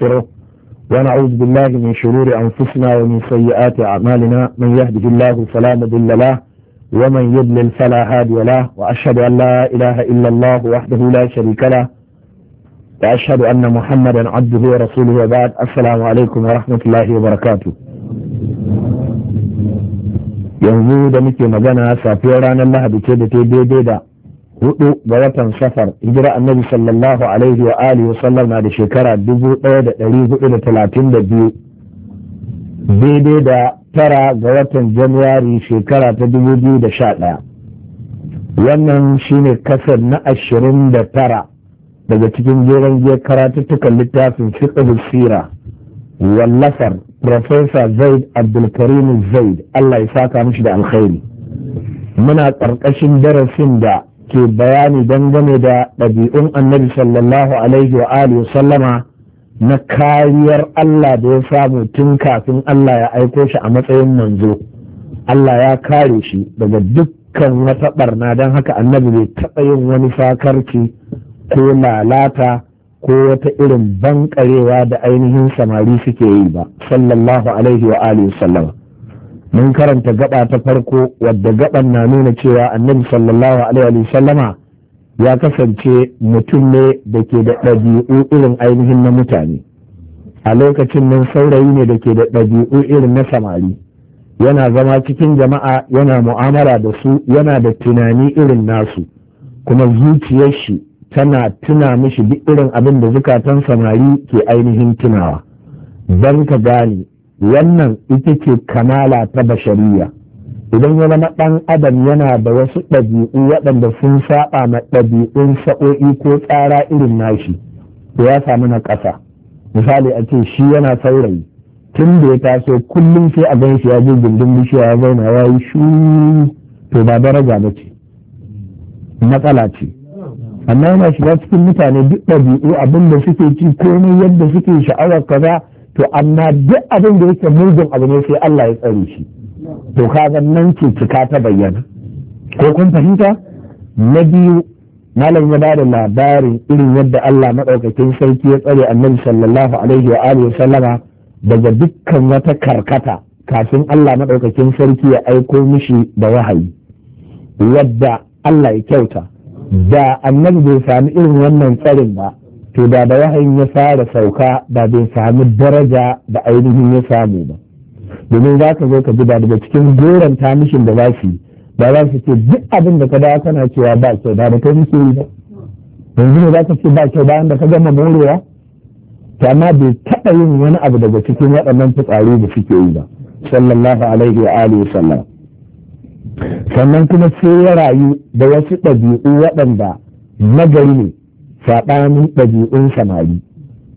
ونستغفره ونعوذ بالله من شرور أنفسنا ومن سيئات أعمالنا من يهده الله فلا مضل له ومن يضلل فلا هادي له وأشهد أن لا إله إلا الله وحده لا شريك له وأشهد أن محمدا عبده ورسوله وبعد السلام عليكم ورحمة الله وبركاته يوم da muke يوم safiyar ranar lahadi ce da ta daidai hudu ga watan safar hijira annabi sallallahu alaihi wa alihi wa sallam na da shekara dubu ɗaya da dari hudu da talatin da biyu daidai da tara ga watan januwari shekara ta dubu biyu da sha ɗaya wannan shine kasar na ashirin da tara daga cikin jeren jiya karatuttukan littafin fiqh sira wallafar Profesa zaid abdulkarim zaid allah ya saka mishi da alkhairi muna ƙarƙashin darasin da ke bayani dangane da ɗabi'un annabi sallallahu alaihi wa alihi sallama na kariyar Allah da ya samu tun kafin Allah ya aiko shi a matsayin manzo Allah ya kare shi daga dukkan wata barna don haka annabi bai taɓa yin wani sakarci ko lalata ko wata irin bankarewa da ainihin samari suke yi ba sallallahu alaihi wa alihi sallama mun karanta gaba ta farko wadda gaban na nuna cewa annabi sallallahu alaihi sallama ya kasance mutum ne da ke da ɗabi'u irin ainihin na mutane a lokacin nan saurayi ne da ke da ɗabi'u irin na samari yana zama cikin jama'a yana mu'amala da su yana da tunani irin nasu kuma zuciyar shi tana tuna mishi duk irin abin da zukatan samari ke ainihin tunawa don ka gane wannan ita ce kamala ta bashariya idan ya zama ɗan adam yana da wasu ɗabi'u waɗanda sun saɓa na ɗabi'un sa'o'i ko tsara irin nashi to ya samu na ƙasa misali a ce shi yana saurayi tun da ya taso kullum sai a gan shi ya je gindin bishiya ya zauna ya yi shuru to ba daraja ba ce matsala ce amma yana shiga cikin mutane duk ɗabi'u abinda suke ci komai yadda suke sha'awar kaza to amma duk abin da yake mugun abu ne sai Allah ya tsare shi to kaga nan ce cika ta bayyana ko kun fahimta na biyu malam ya bada labarin irin yadda Allah madaukakin sarki ya tsare annabi sallallahu alaihi wa alihi sallama daga dukkan wata karkata kafin Allah madaukakin sarki ya aiko mishi da wahayi yadda Allah ya kyauta da annabi bai sami irin wannan tsarin ba to da da wahayin ya fara sauka da bai sami daraja da ainihin ya samu ba domin za ka zo ka ji ba daga cikin goron tamishin da za su yi da za su ce duk abin da ka dawo kana cewa ba kyau da ba kai muke yi ba yanzu ne za ka ce ba kyau bayan da ka gama morewa to amma bai taɓa yin wani abu daga cikin waɗannan fitsari da suke yi ba sallallahu alaihi wa alihi sallam sannan kuma sai ya rayu da wasu ɗabi'u waɗanda nagari ne saɓanin ɗabi'un samari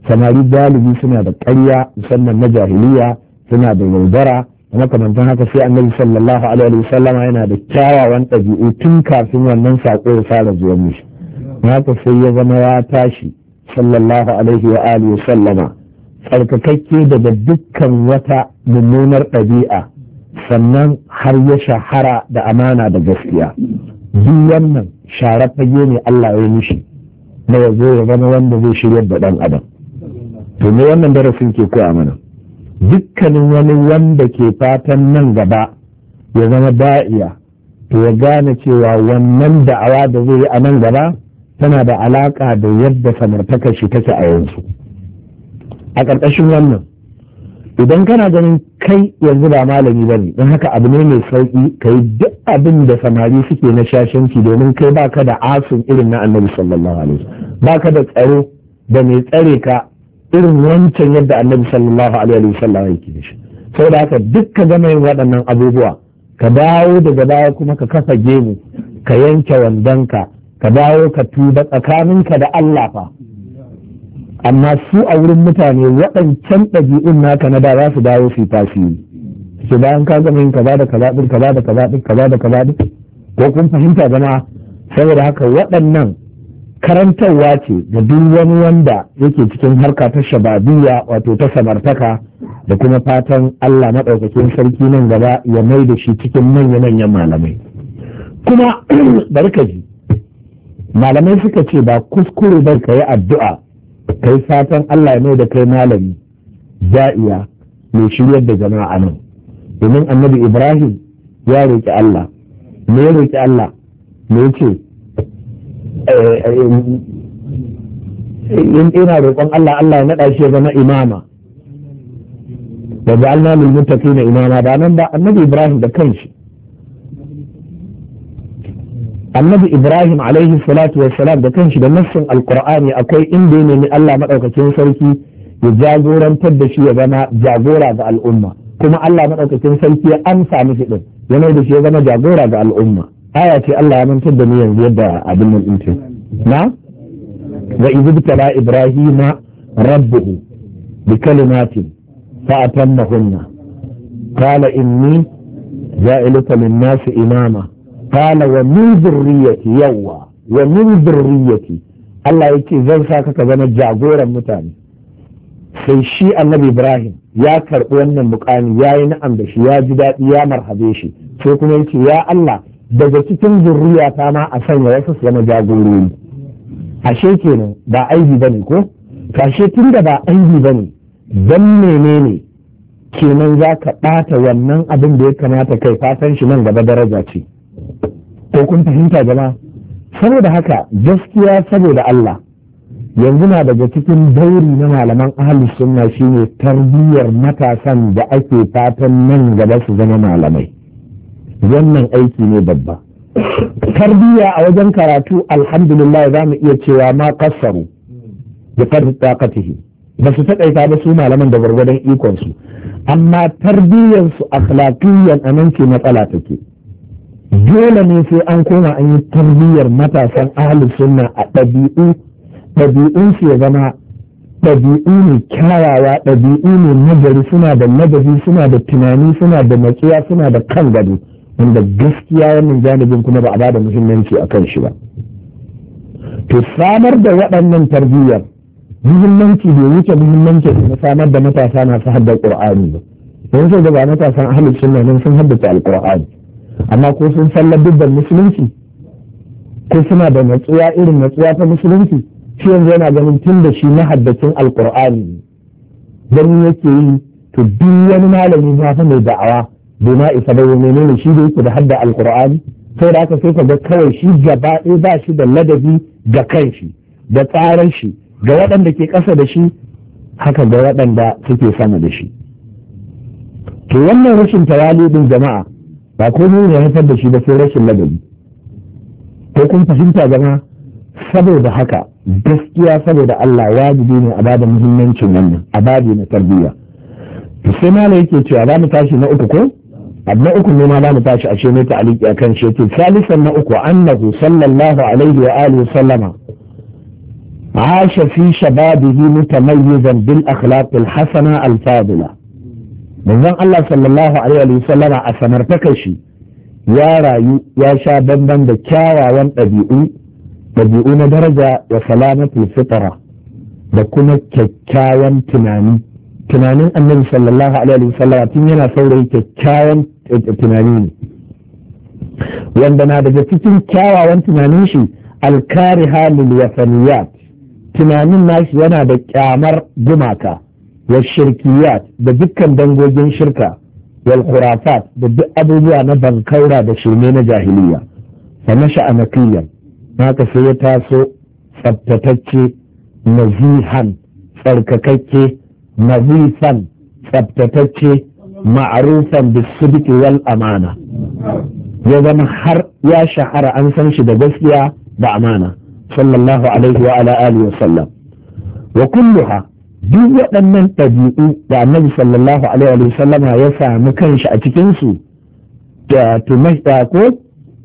samari galibi suna da ƙarya musamman na jahiliya suna da yaudara makamantan haka sai annabi sallallahu alaihi sallama yana da kyawawan ɗabi'u tun kafin wannan saƙo ya fara zuwa mishi haka sai ya zama ya tashi sallallahu alaihi wa alihi sallama tsarkakakke daga dukkan wata mummunar ɗabi'a sannan har ya shahara da amana da gaskiya duk wannan share fage ne Allah ya mishi na yanzu ya zama wanda zai shiryar da ɗan adam to me wannan darasin ke koya mana dukkanin wani wanda ke fatan nan gaba ya zama da'iya to ya gane cewa wannan da'awa da zai yi a nan gaba tana da alaƙa da yadda samartaka shi take a yanzu a ƙarƙashin wannan idan kana ganin kai yanzu ba malami ba ne don haka abu ne mai sauki. ka yi duk abin da samari suke na shashanci domin kai baka da asun irin na annabi sallallahu alaihi baka da tsaro da mai tsare ka irin wancan yadda annabi sallallahu alaihi wasallam yake shi saboda haka duk ka gama yin waɗannan abubuwa ka dawo daga baya kuma ka kafa gemu ka yanke wandonka ka dawo ka tuba tsakaninka da Allah fa amma su a wurin mutane waɗancan ɗabi'un naka na da za su dawo su tasiri su bayan ka gama yin kaza da kaza din kaza da kaza din kaza da kaza din ko kun fahimta gana saboda haka waɗannan karantarwa ce da duk wani wanda yake cikin harka ta shababiya wato ta samartaka da kuma fatan Allah maɗaukakin sarki nan gaba ya mai da shi cikin manya-manyan malamai kuma barka ji malamai suka ce ba kuskure bai ka yi addu'a kai fatan Allah ne da kai malami za'iya mai shiryar da jama'a nan domin annabi Ibrahim ya roƙi Allah me ya roƙi Allah me ya ce in eh, eh, ina roƙon Allah Allah ya naɗa shi ya zama imama da ja'alna lil muttaqina imama ba nan ba annabi Ibrahim da kanshi annabi ibrahim alaihi salatu wa salam da kanshi da nassin alqur'ani akwai inda ya nemi Allah madaukakin sarki ya jagorantar da shi ya zama jagora ga al'umma kuma Allah madaukakin sarki ya amsa mishi din yana da shi ya zama jagora ga al'umma aya ce Allah ya mantar da ni yanzu yadda abin nan din na wa izibtala Ibrahim rabbuhu bi kalimatin fa atammahunna qala inni ja'iluka lin-nasi imama kana wa min zurriyati yawa wa min zurriyati Allah ce zan saka ka zama jagoran mutane sai shi annabi Ibrahim ya karɓi wannan mukami ya yi na'am da shi ya ji daɗi ya marhabe shi sai kuma yake ya Allah daga cikin zurriyata ma a sanya wasu su zama jagorori ashe kenan ba aibi bane ko kashe tun da ba aibi bane dan menene kenan za ka ɓata wannan abin da ya kamata kai fatan shi nan gaba daraja ce ko kun fahimta jama'a saboda haka gaskiya saboda Allah yanzu na daga cikin dauri na malaman ahalus sunna shine tarbiyyar matasan da ake fatan nan gaba su zama malamai wannan aiki ne babba tarbiyya a wajen karatu alhamdulillah za mu iya cewa ma kassaru bi qadri ba su taƙaita ba su malaman da gwargwadon ikonsu amma tarbiyyarsu a nan ke matsala take dole ne sai an koma an yi tarbiyyar matasan ahalus sunna a ɗabi'u ɗabi'un su ya zama ɗabi'u ne kyawawa ɗabi'u ne nagari suna da nagari suna da tunani suna da makiya suna da kan gado wanda gaskiya wannan janibin kuma ba a bada muhimmanci a kan shi ba to samar da waɗannan tarbiyyar muhimmanci bai wuce muhimmanci na samar da matasa masu haddar ƙur'ani ba yanzu da ba matasan ahalus sunna nan sun haddace alƙur'ani amma ko sun sallar dubban musulunci ko suna da natsuwa irin natsuwa ta musulunci shi yanzu yana ganin tun da shi mahaddacin alkur'ani ganin yake yi to duk wani malami ma fa mai da'awa bai ma isa ba menene shi da yake da hadda alkur'ani sai da aka sai ka ga kawai shi gaba ɗaya ba shi da ladabi ga kanshi da tsaran shi ga waɗanda ke ƙasa da shi haka ga waɗanda suke sama da shi to wannan rashin tawali din jama'a ba ko komai ne haifar da shi ba sai rashin ladabi ko kun fahimta zama saboda haka gaskiya saboda Allah wajibi ne a bada muhimmancin wannan a bada na tarbiyya to sai mala yake cewa za mu tashi na uku ko abu na uku ne ma za mu tashi a ce mai aliki akan shi yake salisan na uku annahu sallallahu alaihi wa alihi wa sallama عاش في شبابه متميزا بالاخلاق الحسنه الفاضله manzon Allah sallallahu alaihi a samartakar shi ya rayu ya sha bamban da kyawawan ɗabi'u ɗabi'u na daraja wa salamatu fitra da kuma kyakkyawan tunani tunanin annabi sallallahu alaihi tun yana saurayi kyakkyawan eh, tunani ne wanda na daga cikin kyawawan tunanin shi alkari halil tunanin nashi yana da kyamar gumaka wa shirkiyat da dukkan dangogin shirka wal da duk abubuwa na bankaura da shirme na jahiliya fa nasha anaqiyan haka sai ya taso tsaftatacce nazihan tsarkakakke nazifan tsaftatacce ma'arufan bisibiki wal amana ya zama har ya shahara an san shi da gaskiya da amana sallallahu alaihi wa sallam wa kulluha duk waɗannan ɗabi'u da annabi sallallahu alaihi wa sallama ya samu kanshi a cikinsu da tumashda ko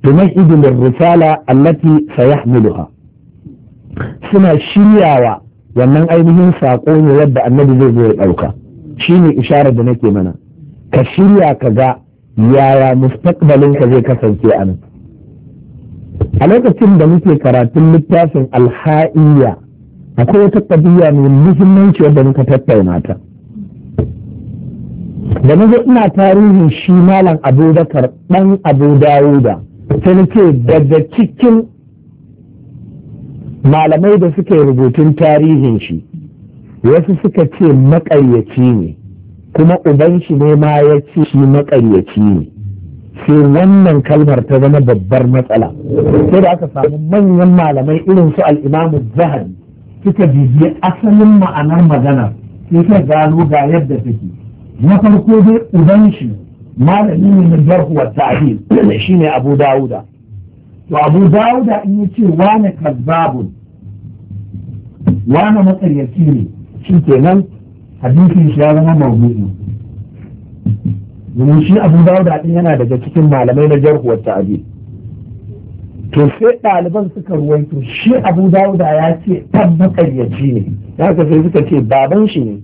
tumashidu risala allati sayahmiluha suna shiryawa wannan ainihin saƙo ne yadda annabi zai zo ya ɗauka shine isharar da nake mana ka shirya ka ga yaya mustaqbalin ka zai kasance a nan a lokacin da muke karatun littafin alha'iyya akwai wata kabiya mai muhimmanci wadda muka tattauna ta da na zo ina tarihin shi malam abubakar ɗan abu dawuda sai na ce daga cikin malamai da suke rubutun tarihin shi wasu suka ce maƙaryaci ne kuma uban shi ne ma ya ce shi makaryaci ne sai wannan kalmar ta zama babbar matsala sai da aka samu manyan malamai irin su al'imamu zahabi suka bibiyi asalin ma'anar magana sai ka gano ga yadda take na farko dai uban shi malami ne na jarhu wa ta'dil shine Abu Dawuda to Abu Dawuda in yi yace wani kazzabun wani makaryaci ne shi kenan hadisin shi ya zama mawdu'i domin shi Abu Dawuda din yana daga cikin malamai na jarhu wa to sai ɗaliban suka ruwaito shi abu dauda ya ce tabbatar ya ji ne ya sai suka ce baban shi ne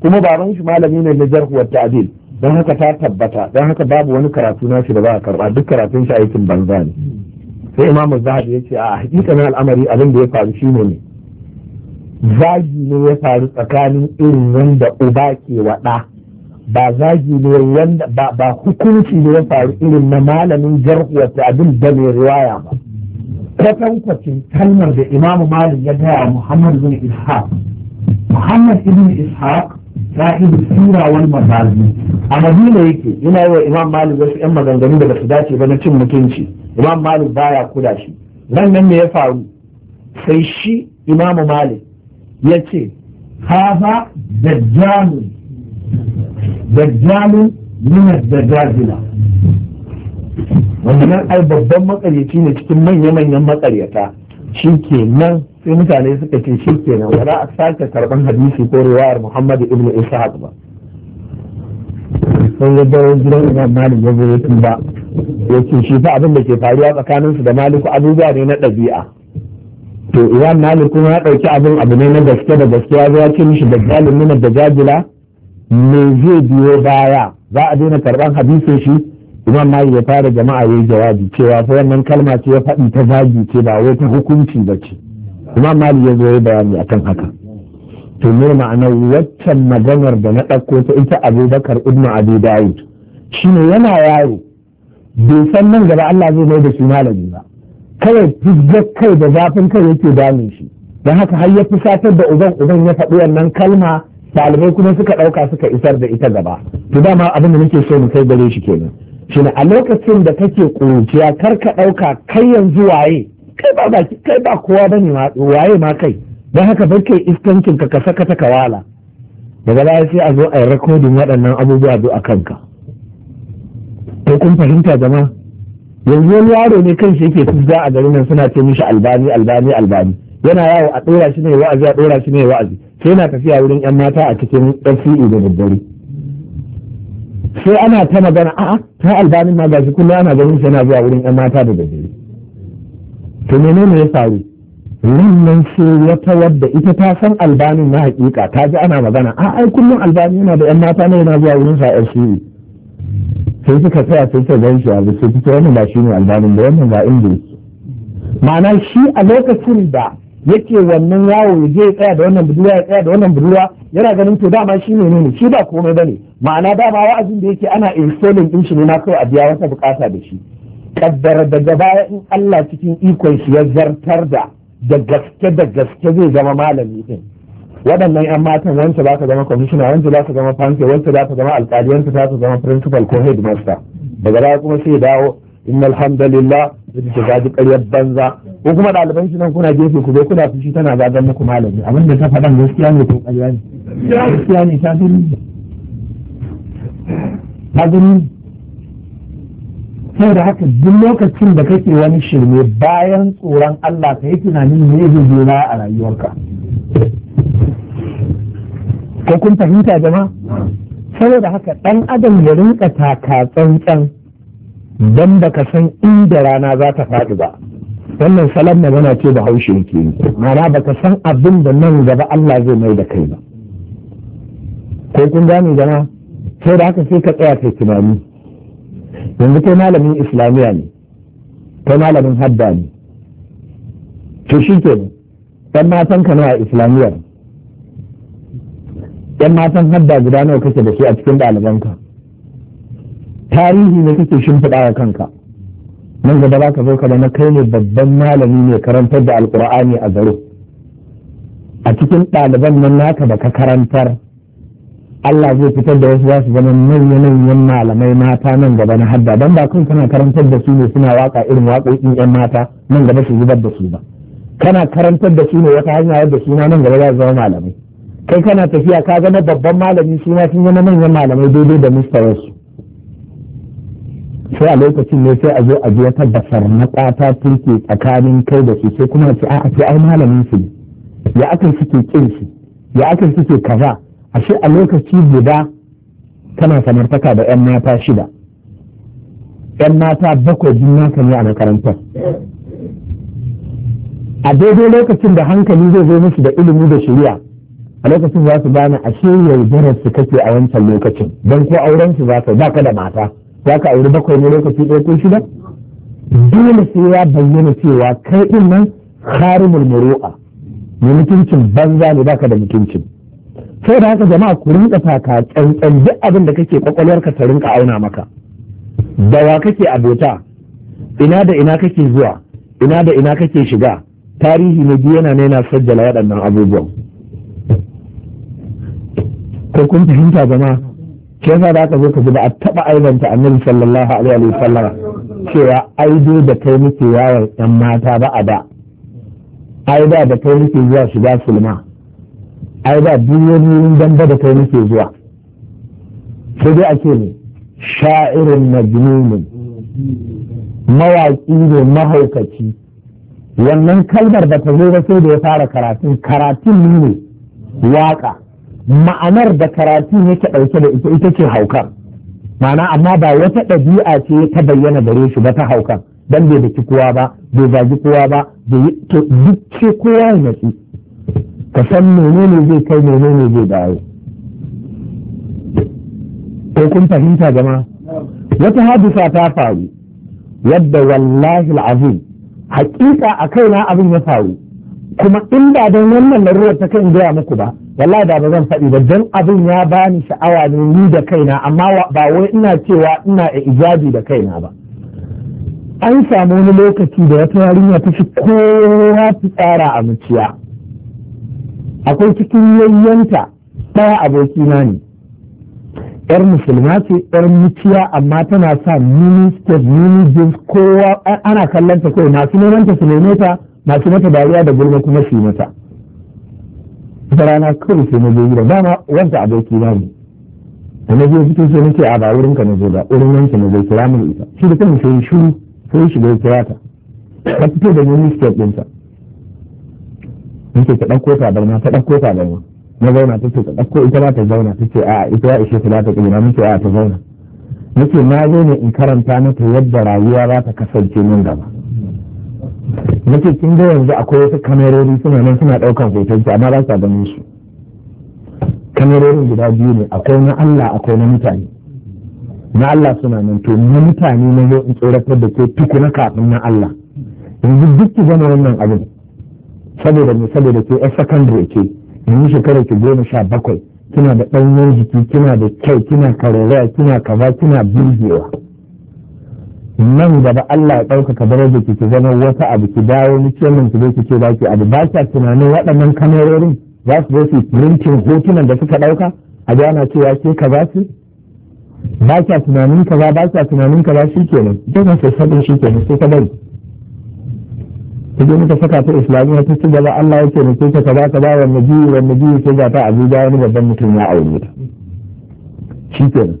kuma baban shi malami ne na jarhuwar ta'adil don haka ta tabbata don haka babu wani karatu na shi da ba a karba duk karatun shi aikin banza ne sai imam zahabi ya ce a hakikanin al'amari abin da ya faru shi ne zagi ne ya faru tsakanin irin wanda uba ke waɗa ba zagi ne wanda ba hukunci ne ya faru irin na malamin jarhu wata abin da mai riwaya ba kwatankwacin kalmar da imamu malik ya gaya muhammad bin ishaq muhammad ibn ishaq sahibu sura wal mazazi a madina yake yana yi wa imam malik wasu yan maganganu da su dace ba na cin mutunci imam malik baya kula shi nan nan me ya faru sai shi imamu malik ya ce haza dajjalun dajjalun min ad-dajajila wannan ai babban makaryaci ne cikin manya-manyan makaryata shi kenan sai mutane suka ce shi kenan wala a sake karban hadisi ko riwayar Muhammad ibn Ishaq ba sun ga wani gidan Imam Malik ya zo ya tuba ya ce shi fa abin da ke faruwa tsakanin su da Maliku abubuwa ne na ɗabi'a to Imam Malik kuma ya ɗauki abin abu ne na gaske da gaske ya zo ya ce mishi da nuna da jajila me zai biyo baya za a daina karban hadisin shi imam mai ya fara jama'a yayi jawabi cewa fa wannan kalma ce ya faɗi ta zagi ce ba wai ta hukunci ba ce imam malik ya zo ya bayani akan haka to me ma'anar waccan maganar da na ɗauko ta ita abubakar ibn abi Shi shine yana yaro bai san nan gaba Allah zai mai da shi malami ba kawai da kai da zafin kai yake damun shi don haka har ya fusatar da uban uban ya faɗi wannan kalma ɗalibai kuma suka ɗauka suka isar da ita gaba to dama abin da nake so mu kai gare shi kenan Shin a lokacin da kake ƙuruciya kar ka ɗauka kai yanzu waye kai ba baki kai ba kowa bane waye ma kai don haka bar kai iskancin ka ka saka ta kawala daga baya sai a zo a yi rakodin waɗannan abubuwa zo a kanka ko kun fahimta zama? yanzu wani yaro ne kan shi yake tuzza a garin nan suna ce mishi albani albani albani yana yawo a ɗora shi ne wa'azi a ɗora shi ne wa'azi sai na tafiya wurin yan mata a cikin FCE da daddare sai ana ta magana a'a ta albanin ma gashi kullum ana ganin sai na zuwa wurin yan mata da daddare to menene ya faru wannan sai wata wadda ita ta san albanin na hakika ta ji ana magana a ai kullum albanin yana da yan mata ne yana zuwa wurin sa FCE sai suka tsaya sai ta gan shi a sai fito wannan ba shi ne albanin da wannan ba inda ma'ana shi a lokacin da yake wannan yawo ya je ya tsaya da wannan budurwa ya tsaya da wannan budurwa yana ganin to dama shi ne ne shi ba komai bane ma'ana dama wa'azin da yake ana installing din shi ne na kawai a biya wata bukata da shi Kaddara daga baya in Allah cikin ikon shi ya zartar da da gaske da gaske zai zama malami din waɗannan 'yan matan wancan za ka zama kwamishina wancan za ka zama fanke wancan za ka zama alƙali za ka zama principal ko headmaster daga baya kuma sai dawo innal alhamdulillah da gaji ƙaryar banza ko kuma ɗaliban shi nan kuna gefe ku bai kuna fushi tana zagan muku malami abin da ta faɗan gaskiya ne ko ƙarya ne gaskiya ne ta fi ta gani sai da haka duk lokacin da kake wani shirme bayan tsoron Allah ka yi tunanin me zai zo na a rayuwarka ko kun fahimta jama'a saboda haka ɗan adam ya rinka taka tsantsan don baka san inda rana za ta faɗi ba wannan salon magana ce da haushe yake yi mana baka san abin da nan gaba Allah zai mai da kai ba ko kun gane gana sai da haka sai ka tsaya kai tunani yanzu kai malamin islamiyya ne kai malamin hadda ne to shi ke ɗan matan ka nawa islamiyyar ɗan matan hadda guda nawa kake da shi a cikin ɗalibanka tarihi ne kake shimfiɗa wa kanka nan gaba za ka zo ka na kai ne babban malami ne karantar da alkur'ani a garo a cikin ɗaliban nan naka da ka karantar Allah zai fitar da wasu za su zama manya-manyan malamai mata nan gaba na hadda don ba kun kana karantar da su ne suna waka irin waƙoƙin 'yan mata nan gaba su zubar da su ba kana karantar da su ne wata hanya yadda suna nan gaba za su zama malamai kai kana tafiya ka zama babban malami suna sun zama manyan malamai daidai da mustawarsu sai a lokacin ne sai a zo a biya tabbasar basar na ta turke tsakanin kai da su sai kuma ce a'a sai ai malamin su ya akan suke kin su ya akan suke kaza ashe a lokaci guda kana samartaka da yan mata shida yan mata bakwai jin naka ne a makarantar a daidai lokacin da hankali zai zo musu da ilimi da shari'a a lokacin za su bani a ashe yaudarar su kake a wancan lokacin don ko auren su za ba ka da mata za ka auri bakwai ne lokaci ɗaya ko shida dole sai ya bayyana cewa kai ɗin nan harimul muru'a ne mutuncin banza ne baka da mutuncin sai da haka jama'a ku rinka taka tsantsan duk abin da kake ka ta rinka auna maka da wa kake abota ina da ina kake zuwa ina da ina kake shiga tarihi na biyu yana yana sajjala waɗannan abubuwan ko kun fahimta jama'a ke yasa da aka zo ka ba a taɓa aibanta annabi sallallahu alaihi wa sallam cewa ai dai da kai muke yawon yan mata ba a da ai da da kai muke zuwa shiga sulma ai da duk wani wurin damba da kai muke zuwa sai dai ake ne sha'irin majnunin mawaƙi ne mahaukaci wannan kalmar ba ta zo ba sai da ya fara karatun karatun ne waƙa ma'anar da karatu yake ɗauke da ita ita ce haukan ma'ana amma ba wata ɗabi'a ce ta bayyana gare shi ba ta haukan dan bai daki kowa ba bai zagi kowa ba bai to duk ce kowa ya natsu ka san menene zai kai menene zai dawo ko kun fahimta jama'a wata hadisa ta faru yadda wallahi al'azim hakika a kaina abin ya faru kuma in ba don wannan larurar ta kan gaya muku ba wallahi da ba zan faɗi ba don abin ya bani sha'awa ne ni da kaina amma ba wai ina cewa ina a ijabi da kaina ba an samu wani lokaci da wata yarinya ta fi kowa tsara a muciya akwai cikin yayyanta ɗaya abokina ne yar musulma ce yar muciya amma tana sa mini step mini jeans kowa ana kallon ta kawai masu neman ta su neme ta masu mata dariya da gulma kuma shi mata da rana kawai sai na je gida dama wanda aboki na ne da na je fito sai nake a ba wurin ka na zo ba wurin wanke na zai kira min ita shi da kanka sai shiru sai shi ya kira ta ta fito da mini step din ta nake ta dauko ta barna ta dauko ta barna na zauna ta ce ta ɗauko ita ma ta zauna ta ce a ita ya ishe ta ta na mun ce a ta zauna nake na zo ne in karanta mata yadda rayuwa za ta kasance nan gaba nake kin ga yanzu akwai wasu kamerori suna nan suna ɗaukar hoton su amma ba sa ganin su kamerorin guda biyu ne akwai na Allah akwai na mutane na Allah suna nan to na mutane na yau in tsoratar da ke tukuna kafin na Allah yanzu duk ki gama wannan abin saboda ne saboda ke a secondary ke yanzu shekara ki goma sha bakwai kina da ɗanyen jiki kina da kyau kina karewa kina kaza kina birgewa nan gaba Allah ya ɗaukaka darajar ki ki zama wata abu ki dawo mutumin ki zo ki ce baki abu ba kya tunanin waɗannan kamarorin za su zo su printin hotunan da suka ɗauka a ga ana cewa ke ka za su ba kya tunanin ka ba ba kya tunanin ka ba shi kenan dole sai sabon shi nan sai ka bari ta je muka saka ta islamiyya ta ci gaba Allah ya ce taimake ka kaza kaza wanne nabi wanne nabi sai ga ta da wani babban mutum ya aure ta shi nan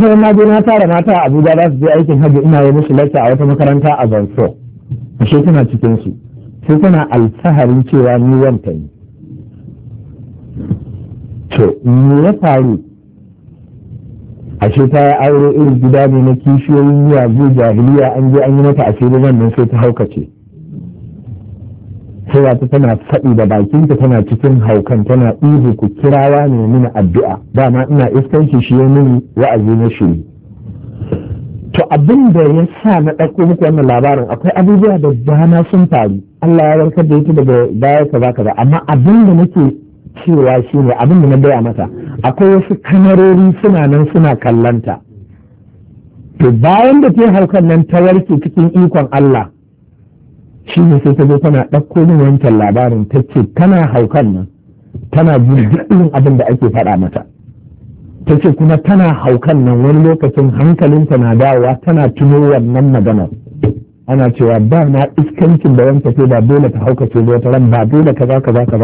kuma na je na tara mata a Abuja za su je aikin hajji ina yi musu lacca a wata makaranta a Banso ashe tana cikin su sai tana alfaharin cewa ni wanta ne to me ya faru ashe ta aure irin gida ne na kishiyoyin zai jahiliya an je an yi mata a cikin wannan sai ta haukace sai ta tana faɗi da bakinta tana cikin haukan tana ihu ku kirawa ne mini addu'a dama ina iskanci shi ya wa'azi na shiri to abin da ya sa na ɗauko muku wannan labarin akwai abubuwa da dama sun faru Allah ya warkar da ita daga baya kaza kaza amma abin da nake cewa shi ne abin da na baya mata akwai wasu kamarori suna nan suna kallanta to bayan da ta haukan nan ta warke cikin ikon Allah shi ne sai ta zo tana ɗauko min wancan labarin ta ce tana haukan nan tana jin irin abin da ake faɗa mata ta ce kuma tana haukan nan wani lokacin hankalinta na dawowa tana tuno wannan maganar ana cewa ba na iskancin da wanka ce ba dole ta hauka ce wata ran ba dole ka kaza Ka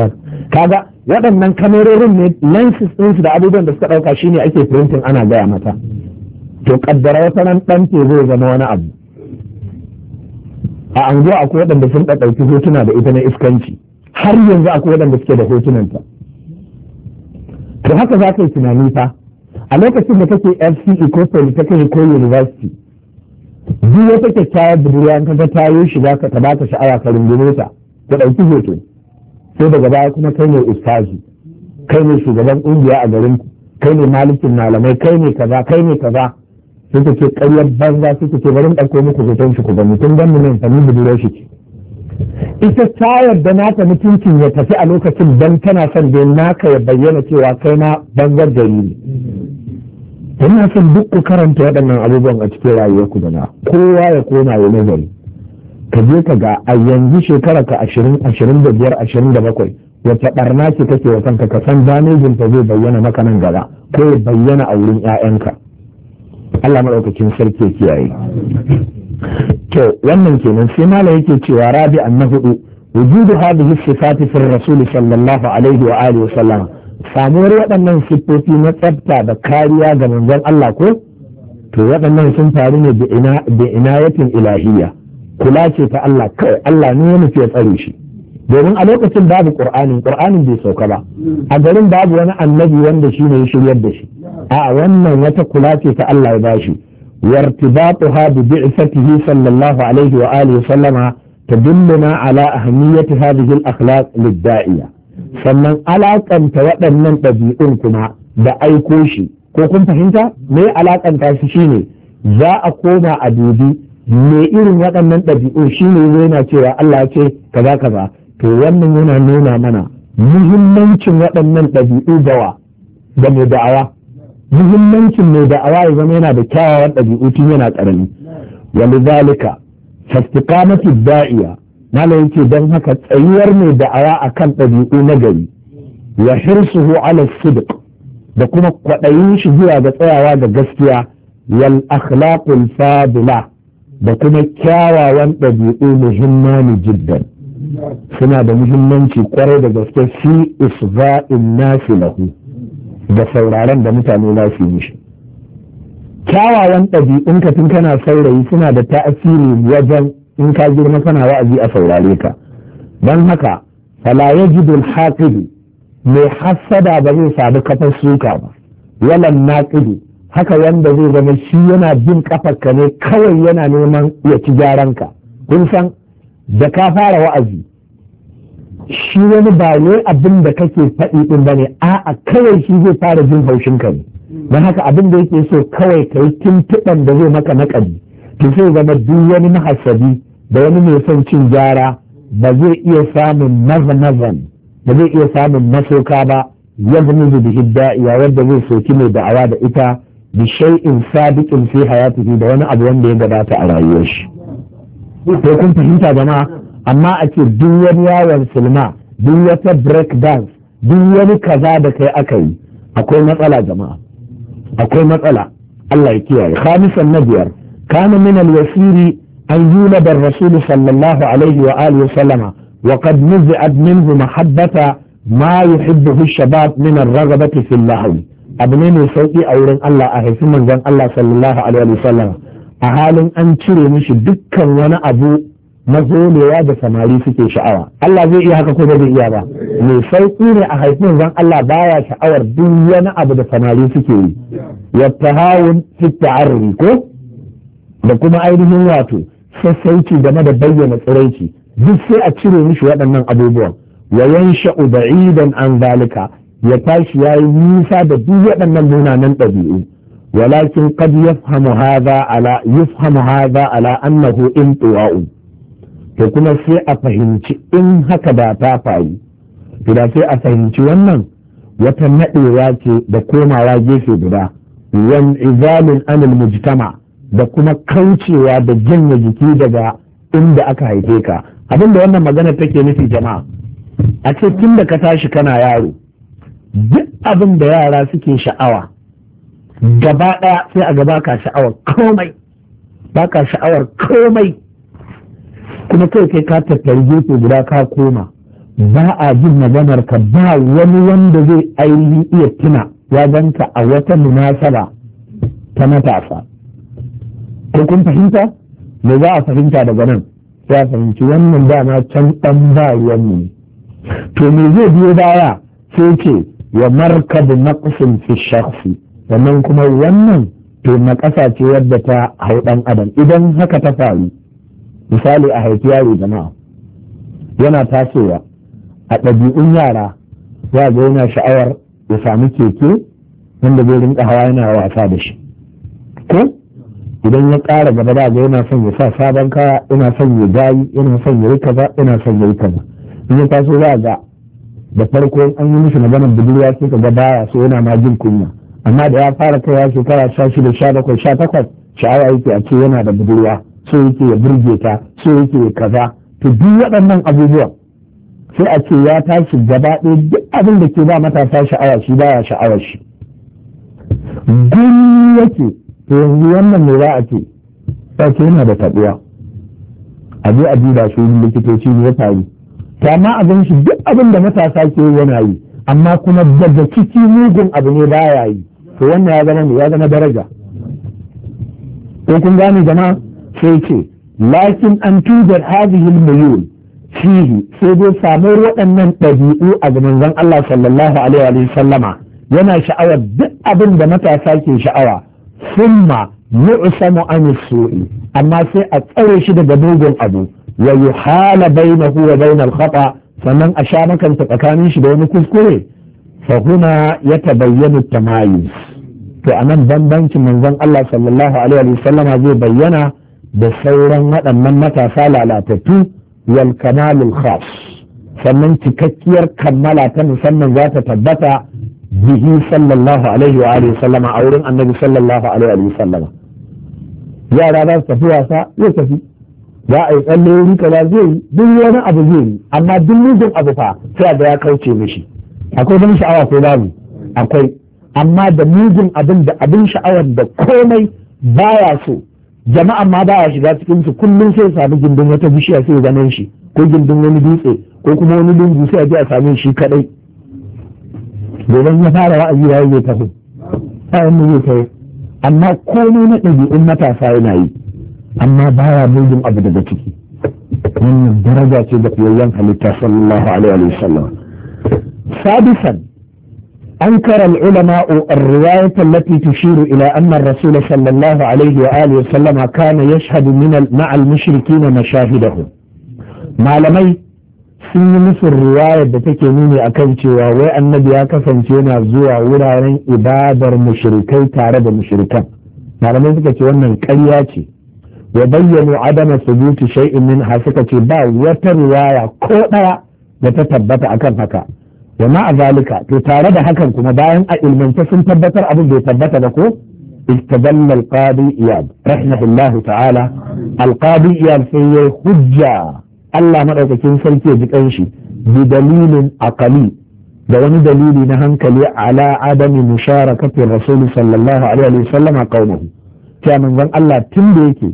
kaga waɗannan kamerorin ne lenses ɗinsu da abubuwan da suka ɗauka shine ake printing ana gaya mata to kaddara wata ran ɗan ce zai zama wani abu a anguwa akwai waɗanda sun ɗauki hotuna da ita na iskanci har yanzu akwai waɗanda suke da hotunanta to haka za ka yi tunani fa a lokacin da kake fce ko polytechnic ko university duk wata kyakkyawar budurwa ka ta tayo shiga ka ba ta sha'awa ka rungume ta ka ɗauki hoto sai daga baya kuma kai ne ustazi kai ne shugaban ƙungiya a garin kai ne malikin malamai kai ne kaza kai ne kaza suka ce ƙaryar banza suka ce barin ɗauko muku hoton shi ku gani tun gani nan sami da shi ce ita ta yarda naka mutuncin ya tafi a lokacin dan tana son dai naka ya bayyana cewa kai na banzar gari ne yana son duk ku karanta waɗannan abubuwan a cikin rayuwar ku na kowa ya koma ya nazari ka je ka ga a yanzu shekara ka ashirin ashirin da biyar ashirin da bakwai wata ɓarna ce kake wa kanka ka san damejin ta zai bayyana maka nan gaba ko ya bayyana a wurin 'ya'yanka. Allah maɗaukakin sarki ya kiyaye to wannan kenan sai malam yake cewa rabi'an na hudu wujudu hadhihi sifati fi rasul sallallahu alaihi wa alihi wa sallam samuwar waɗannan siffofi na tsafta da kariya ga manzon Allah ko to waɗannan sun faru ne da inayatin ilahiyya kula ce ta Allah kai Allah ne ya nufi ya tsare shi domin a lokacin babu qur'anin qur'anin bai sauka ba a garin babu wani annabi wanda shi ne ya shiryar da shi a wannan wata kula ce ta Allah ya bashi وارتباطها ببعثته صلى الله عليه وآله وسلم تدلنا على أهمية هذه الأخلاق للداعية sannan alaƙanta waɗannan ɗabi'un kuma da aiko shi ko kun fahimta me alakanta shi shine za a koma a dubi me irin waɗannan ɗabi'un shine yana cewa Allah ce kaza kaza to wannan yana nuna mana muhimmancin waɗannan ɗabi'u dawa da mai da'awa muhimmancin mai da'awa ya zama yana da kyawawan ɗabi'u tun yana ƙarami walidhalika fastiqamatu da'iya malam yake don haka tsayuwar mai da'awa akan ɗabi'u na gari wa hirsuhu ala Sidiq da kuma kwaɗayin shi zuwa ga tsayawa ga gaskiya wal akhlaqul fadila da kuma kyawawan ɗabi'u muhimmanu jiddan suna da muhimmanci kwarai da gaske fi isba'in nasi lahu da sauraron da mutane nasi su yi shi kyawawan ɗabi'un ka tun kana saurayi suna da ta'asiri wajen in ka girma kana wa'azi a saurare ka don haka fala yajidul haqibi mai hassada ba zai sadu kafar suka ba walan naqibi haka wanda zai zama shi yana bin kafarka ne kawai yana neman ya ci gyaran ka kun san da ka fara wa'azi shi wani ba ne abin da kake faɗi ɗin ba ne a'a kawai shi zai fara jin haushin ka ne don haka abin da yake so kawai ka yi tuntuɓan da zai maka naƙari to sai zama duk wani mahasabi da wani mai son cin gyara ba zai iya samun nazan ba zai iya samun masoka ba ya zama zubi hidda ya wadda zai soki mai da'awa da ita bi shay'in sabiqin fi hayatihi da wani abu wanda ya gabata a rayuwar shi ko kun fahimta jama'a amma a ce duk wani yawon silma duk wata break dance duk wani kaza da kai aka yi akwai matsala jama'a akwai matsala Allah ya kiyaye khamisan na biyar kana min al-wasiri an yuna bar rasul sallallahu alaihi wa alihi sallama wa qad nuzi'at minhu mahabbata ma yuhibbuhu shabab min ar-raghabati fil lahwi abu ne mai sauki a wurin Allah a haifi manzon Allah sallallahu alaihi wa sallama a halin an cire mishi dukkan wani abu na zolewa da samari suke sha'awa Allah zai iya haka ko bai iya ba mai sauƙi ne a haifin zan Allah baya sha'awar duk wani abu da samari suke yi ya tahawun fitta'arri ko da kuma ainihin wato sassauci game da bayyana tsiraici duk sai a cire mishi waɗannan abubuwan wa yansha'u ba'idan an zalika ya tashi yayi nisa da duk waɗannan munanan ɗabi'u ولكن قد يفهم هذا على يفهم هذا على انه انطواء to kuma sai a fahimci in haka ba ta faru to da sai a fahimci wannan wata naɗewa ce da komawa gefe guda wan izalin anil mujtama da kuma kaucewa da janye jiki daga inda aka haife ka abin da wannan magana take nufi jama'a a ce tun da ka tashi kana yaro duk abin da yara suke sha'awa gaba ɗaya sai a gaba ka sha'awar komai ba ka sha'awar komai kuma kai kai ka tattari gefe guda ka koma ba a jin maganar ka ba wani wanda zai ainihi iya tuna ya ganka a wata munasaba ta matasa ko kun fahimta me za a fahimta daga nan ya fahimci wannan dama can ɗan ba ruwan to me zai biyo baya sai ce wa markabu naqsin fi shakhsi sannan kuma wannan to na ƙasa ce yadda ta hau ɗan adam idan haka ta faru misali a haifi yaro jama'a yana tasowa a ɗabi'un yara ya ga yana sha'awar ya sami keke wanda zai rinka hawa yana wasa da shi ko idan ya ƙara gaba da ga yana son ya sa sabon kaya yana son ya gayi yana son ya yi kaza yana son ya yi kaza in ya taso za ga da farko an yi mishi maganar budurwa sai ka ga baya so yana ma jin kunya amma da ya fara kaiwa shekara sha shida sha bakwai sha takwas sha'awa yake a ce yana da budurwa so yake ya burge ta so yake ya kaza to duk waɗannan abubuwan sai a ce ya tashi gaba ɗaya duk abin da ke ba matasa sha'awa shi baya sha'awa shi ya yake to yanzu wannan me za a ce sauke yana da taɓiya a je a duba yin likitoci ne ya faru ta ma abin shi duk abin da matasa ke yana yi amma kuma daga ciki mugun abu ne baya yi to wannan ya zama ya zama daraja ko kun gane sai ce lakin an tudar hadhihi al-muyul fihi sai dai samuwar waɗannan ɗabi'u a zan Allah sallallahu alaihi wa sallama yana sha'awar duk abin da matasa ke sha'awa summa yu'samu an su'i amma sai a tsare shi daga dogon abu wa yuhala bainahu wa bainal khata sannan a sha ta tsakanin shi da wani kuskure fa huna yatabayyanu tamayuz to a nan bambancin manzon Allah sallallahu alaihi wa wasallama zai bayyana da sauran waɗannan matasa lalatattu wal kamalul khas sannan cikakkiyar kammala ta musamman za ta tabbata bihi sallallahu alaihi wa alihi sallama a wurin annabi sallallahu alaihi wa sallama yara za su tafi wasa zai tafi za a yi tsalle wuri kaza zai yi duk wani abu zai yi amma duk mugun abu fa sai da ya kauce mishi akwai ban sha'awa ko babu akwai amma da mugun abin da abin sha'awar da komai baya so jama'a ma baya shiga cikin su kullum sai sami gindin wata bishiya sai ganin shi ko gindin wani dutse ko kuma wani lungu sai a je a same shi kadai domin ya fara wa'azi ya zai tafi bayan mu zai taho amma komai na ɗabi'un matasa yana yi amma baya mugun abu daga ciki wannan daraja ce da koyayyen halitta sallallahu alaihi wa sallam sadisan أنكر العلماء الرواية التي تشير إلى أن الرسول صلى الله عليه وآله وسلم كان يشهد من مع المشركين مشاهدهم malamai sun yi musu riwayar da take nuni a kan cewa wai annabi ya kasance na zuwa wuraren ibadar mushirikai tare da mushirikan. malamai suka ce wannan karya ce ya bayyana adama subuti shay'in min ha suka ce ba wata riwaya ko ɗaya da ta tabbata akan haka wa ma to tare da hakan kuma bayan a ilmance sun tabbatar abin bai tabbata da ko istajalla alqadi iyad rahmatullahi ta'ala alqadi iyal sai ya hujja Allah madaukakin sarki ya ji kanshi bi dalilin aqali da wani dalili na hankali ala adami musharakati rasul sallallahu alaihi wa sallam qaumuhu ta manzon Allah tun da yake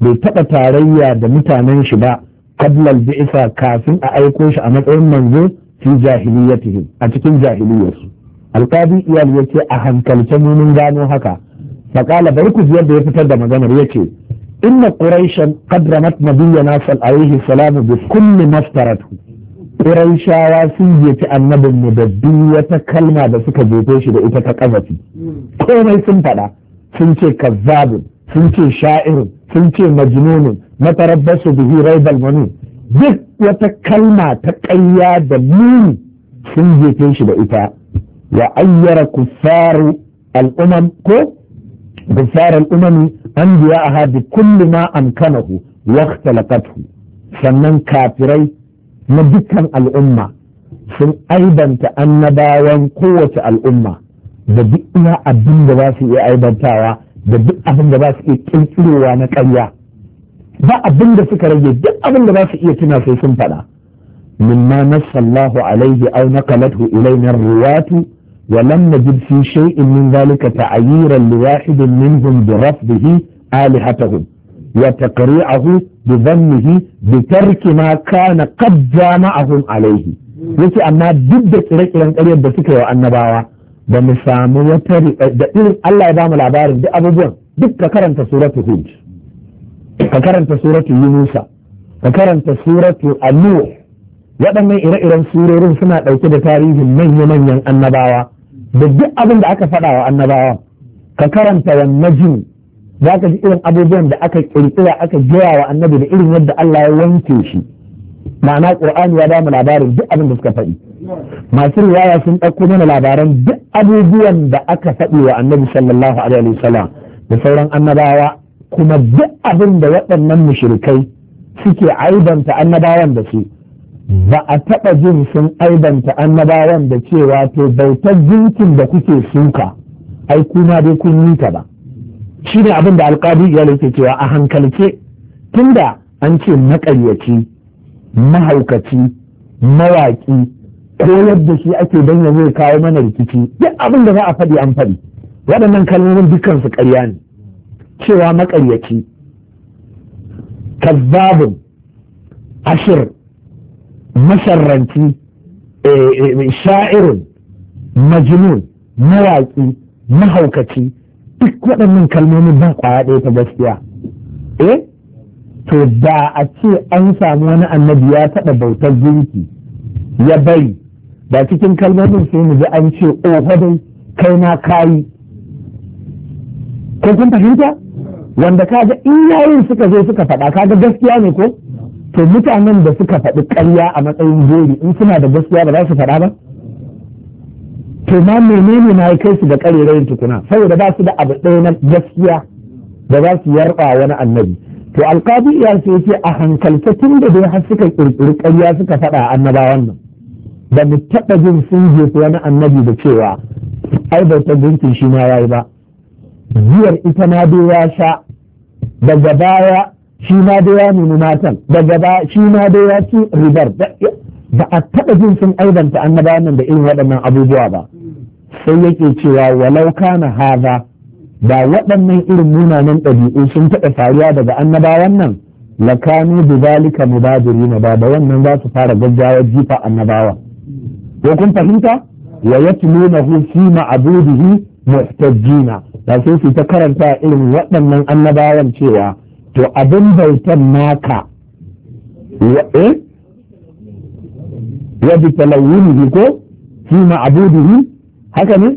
bai taɓa tarayya da mutanen shi ba qabla al-bi'sa kafin a aiko shi a matsayin manzo fi jahiliyyatihim a cikin jahiliyarsu alqadi iyal yace a hankalce mu mun gano haka faqala bari ku yadda ya fitar da maganar yace inna quraishan qad ramat nabiyyana sal alaihi salamu bi kulli maftaratu quraishawa sun jeci annabin mu da duk wata kalma da suka jefe shi da ita ta kazafi komai sun faɗa sun ce kazzabun sun ce sha'irun, sun ce majnunun matarabbasu bihi raibal manun duk wata kalma ta ƙayya da muni sun jefe shi da ita wa ayyara kuffaru al'umam ko an biya a hadi kulli an amkanahu wa ikhtalaqathu sannan kafirai na dukkan al'umma sun aibanta annabawan kowace al'umma da duk iya abin da za su iya aibantawa da duk abin da su iya ƙirƙirowa na ƙarya ba abin da suka rage duk abin da za su iya tuna sai sun faɗa mimma nasallahu alaihi aw naqalathu ilayna ruwatu wa lam najid fi shay'in min dhalika ta'yiran li wahidin minhum bi rafdihi alihatahum wa taqri'ahu bi dhannihi bi tarki ma kana qad jama'ahum alaihi yace amma duk da kire-kiren ƙaryar da suka yi wa annabawa ba mu samu wata da irin Allah ya ba mu labarin duk abubuwan duk ka karanta suratul hud ka karanta suratu yunusa ka karanta suratu annu waɗannan ire-iren surorin suna ɗauke da tarihin manya-manyan annabawa da duk abin da aka faɗa wa annabawa ka karanta wannan jin za ka ji irin abubuwan da aka ƙirƙira aka gaya wa annabi da irin yadda Allah ya wanke shi ma'ana ƙur'ani ya ba labarin duk abin da suka faɗi masu riwaya sun ɗauko mana labaran duk abubuwan da aka faɗi wa annabi sallallahu alaihi wasallam da sauran annabawa kuma duk abin da waɗannan mushrikai suke aibanta annabawan da su ba a taɓa jin sun aibanta annabawan da cewa to bautar jinkin da kuke suka ai kuma dai kun yi ta ba shi ne abin da alƙadi ya ke cewa a hankalce tunda an ce maƙaryaci mahaukaci mawaƙi ko yadda shi ake don ya kawo mana rikici duk abin da za a faɗi an faɗi waɗannan kalmomin dukkan su ƙarya ne cewa maƙaryaci kazzabun ashir masharranci eh, eh, sha'irun majnun mawaƙi mahaukaci duk waɗannan kalmomi ba ƙwaya ɗaya ta gaskiya eh to da a ce an samu wani annabi ya taɓa bautar gunki ya bari da cikin kalmomin sai mu ji an ce oho kai na kayi ko kun fahimta wanda kaga in yayin suka zo suka faɗa kaga gaskiya ne ko to mutanen da suka faɗi ƙarya a matsayin gori in suna da gaskiya ba za su faɗa ba to ma menene na kai su da rayin tukuna saboda ba su da abu ɗaya na gaskiya da za su yarba wani annabi to alƙadi ya ce yake a hankalta tun da dai har suka ƙirƙiri ƙarya suka faɗa a annabawan nan ba mu taɓa jin sun su wani annabi da cewa ai bautar gunkin shi ma yayi ba Ziyar ita ma dai sha daga baya shi ma dai ya nemi matan daga baya shi ma dai ya ci ribar ba a taɓa jin sun aibanta annabawan nan da irin waɗannan abubuwa ba sai yake cewa walau kana haza ba waɗannan irin munanan ɗabi'u sun taɓa faruwa daga annabawan nan lakanu bi zalika na ba da wannan za su fara gaggawa jifa annabawa ko kun fahimta wa yatlunahu fi ma'budihi muhtajjina da sai su ta karanta irin waɗannan annabawan cewa to abin bautan naka wa eh? bi talawwunihi ko fi ma'budihi haka ne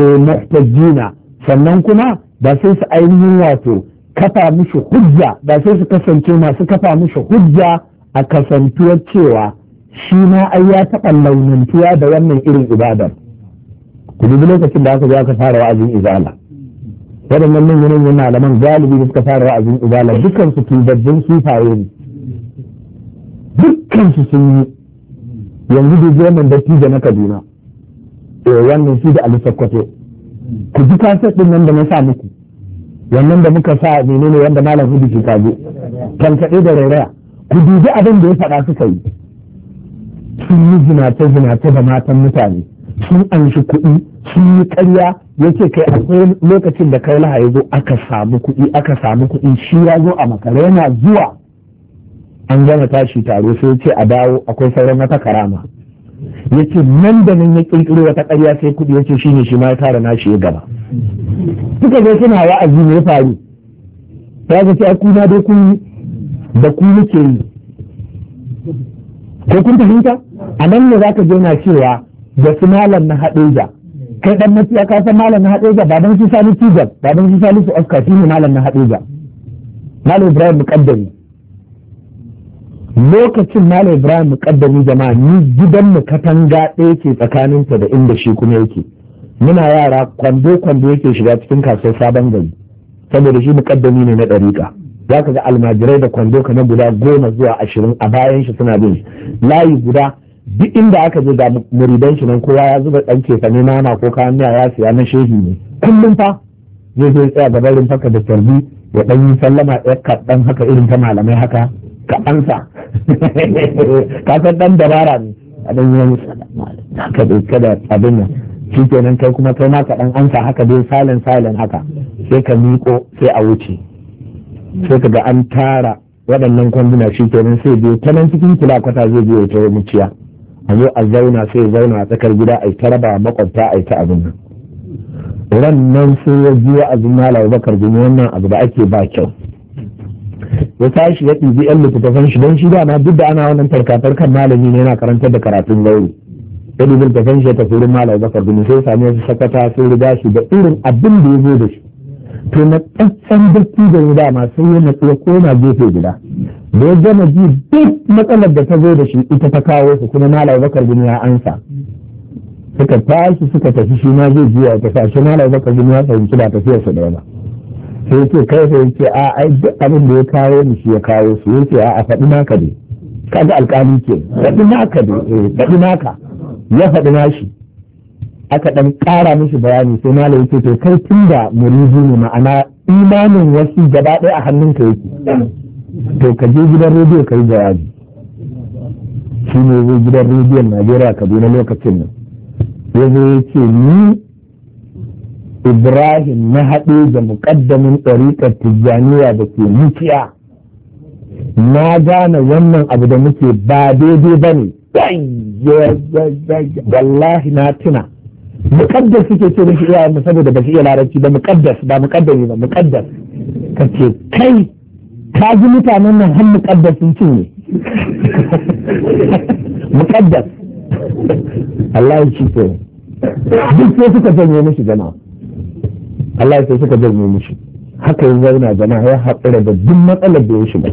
eh muhtajjina sannan kuma da sai su ainihin wato kafa mishi hujja da sai su kasance masu kafa mishi hujja a kasantuwar cewa shi ma ai ya taɓa launantuwa da wannan irin ibadar ku dubi lokacin da aka zo aka fara wa'azin izala waɗannan manyan manyan alaman galibi da suka fara ra'ayin izala dukkan su tubabbin sufaye ne dukkan su sun yi yanzu da zuwa datti da na kaduna eh wannan shi da ali sakkwato ku ji kasar din nan da na sa muku wannan da muka sa ne wanda malam hudu ke kaje kankaɗe da rairaya ku dubi abin da ya faɗa suka yi sun yi zinace zinace da matan mutane sun anshi kuɗi sun yi ƙarya. ya ce kai akwai lokacin da kai laha ya zo aka samu kuɗi aka samu kuɗi shi ya zo a makare yana zuwa an gama tashi taro sai ya ce a dawo akwai sauran wata karama ya ce nan da nan ya ƙirƙiro wata ƙarya sai kuɗi ya ce shine shi ma ya tara nashi ya gaba suka zo suna wa'azi ne ya faru ya ga a kuna dai kun da ku ke yi ko kun fahimta a nan ne za ka je cewa da su malam na haɗeja kai dan maciya ka san malam na hadeja baban su sani tijab baban su salisu oscar shi ne malam na hadeja malam ibrahim muqaddami lokacin malam ibrahim muqaddami jama'a ni gidan mu katanga ɗaya tsakanin tsakaninsa da inda shi kuma yake muna yara kwando kwando yake shiga cikin kasuwar sabon gari saboda shi muqaddami ne na ɗariƙa za ka ga almajirai da kwando ka na guda goma zuwa ashirin a bayan shi suna bin layi guda duk inda aka je ga muridan shi nan kowa ya zuba dan kefa ne nama ko kayan miya ya siya na shehi ne kullum fa zai zo tsaya barin faka da tarbi ya dan yi sallama ya kaɗan haka irin ta malamai haka ka ansa ka san dan dabara ne a dan yi haka dai kada abin nan shi kenan kai kuma kai ma ka dan ansa haka dai silent silent haka sai ka miƙo sai a wuce sai ka ga an tara waɗannan kwanduna shi kenan sai biyo ta nan cikin kula kwata zai biyo ta muciya a zo a zauna sai zauna a tsakar gida a ta raba makwabta a ta abin nan ran nan yi ya a wa'azin malam bakar gini wannan abu da ake ba kyau ya tashi ya ɗibi yan littattafan shi don shi da ma duk da ana wannan tarkatarkan malami ne yana karantar da karatun gauri ya ɗibi littattafan shi ya tafi wurin malam bakar gini sai sami wasu sakata sun riga shi da irin abin da ya zo da shi to na tsantsan dattijo da ma sai ya natsu ya koma gefe gida da ya gama ji duk matsalar da ta zo da shi ita ta kawo su kuma malam bakar gumi ya ansa suka tashi suka tafi shi ma zai jiya ta sashi malam laubakar gumi ya fahimci ba tafiyar su da ba sai ce kai sai ce a ai duk abin da ya kawo ni shi ya kawo su yace a a faɗi naka ne kaga alƙali ke faɗi naka ne eh, faɗi naka ya faɗi nashi aka ɗan ƙara mishi bayani sai malam ce to kai tunda muridi ne ma'ana imanin wasu gaba ɗaya a hannunka yake to ka je gidan rediyo ka yi bayani shi ne zai gidan rediyon najeriya na lokacin nan ya zo ya ce ni ibrahim na haɗe da muƙaddamin ɗariƙar tijjaniya da ke mukiya na gane wannan abu da muke ba daidai ba ne wallahi na tuna muƙaddas suke ce da shi saboda ba su iya larabci ba mukaddas ba mukaddas ba muƙaddas ka ce kai ka ji mutanen nan har muƙaddas sun cinye muƙaddas Allah ya ci duk sai suka janye mishi jama'a Allah ya sai suka janye mishi haka yanzu zauna jama'a ya haƙura da duk matsalar da ya shiga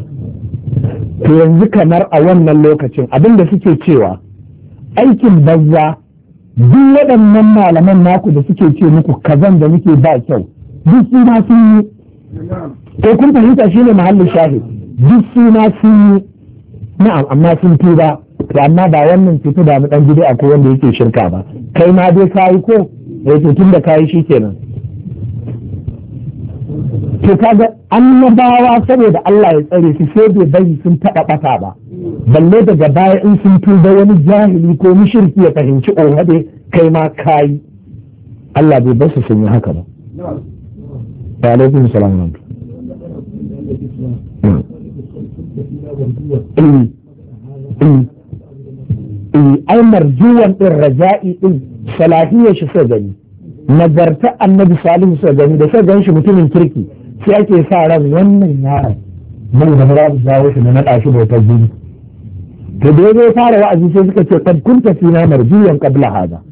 to yanzu kamar a wannan lokacin abin da suke cewa aikin bazza duk waɗannan malaman naku da suke ce muku kazan da muke ba kyau duk su ma sun yi ko kun fahimta ne mahallin shahi duk suna sun yi na'am amma sun ba to amma ba wannan fito da dan gidi akwai wanda yake shirka ba kai ma dai kayi ko eh to tunda kayi kenan to kaga annabawa saboda Allah ya tsare su sai bai bai sun taɓa ɓata ba balle daga baya in sun tuba wani jahili ko mushriki ya fahimci ohade oh, kai ma kayi Allah bai bar sun yi haka ba wa alaikum salam wa ai marjuwan din raja'i din salahiyar shi sai gani nagarta annabi salihu sai gani da sai gani mutumin kirki sai ake sa ran wannan yaron mun da za shi na naɗa shi bautar jini to da ya fara wa'azi sai suka ce kad kunta fi na marjuwan qabla hada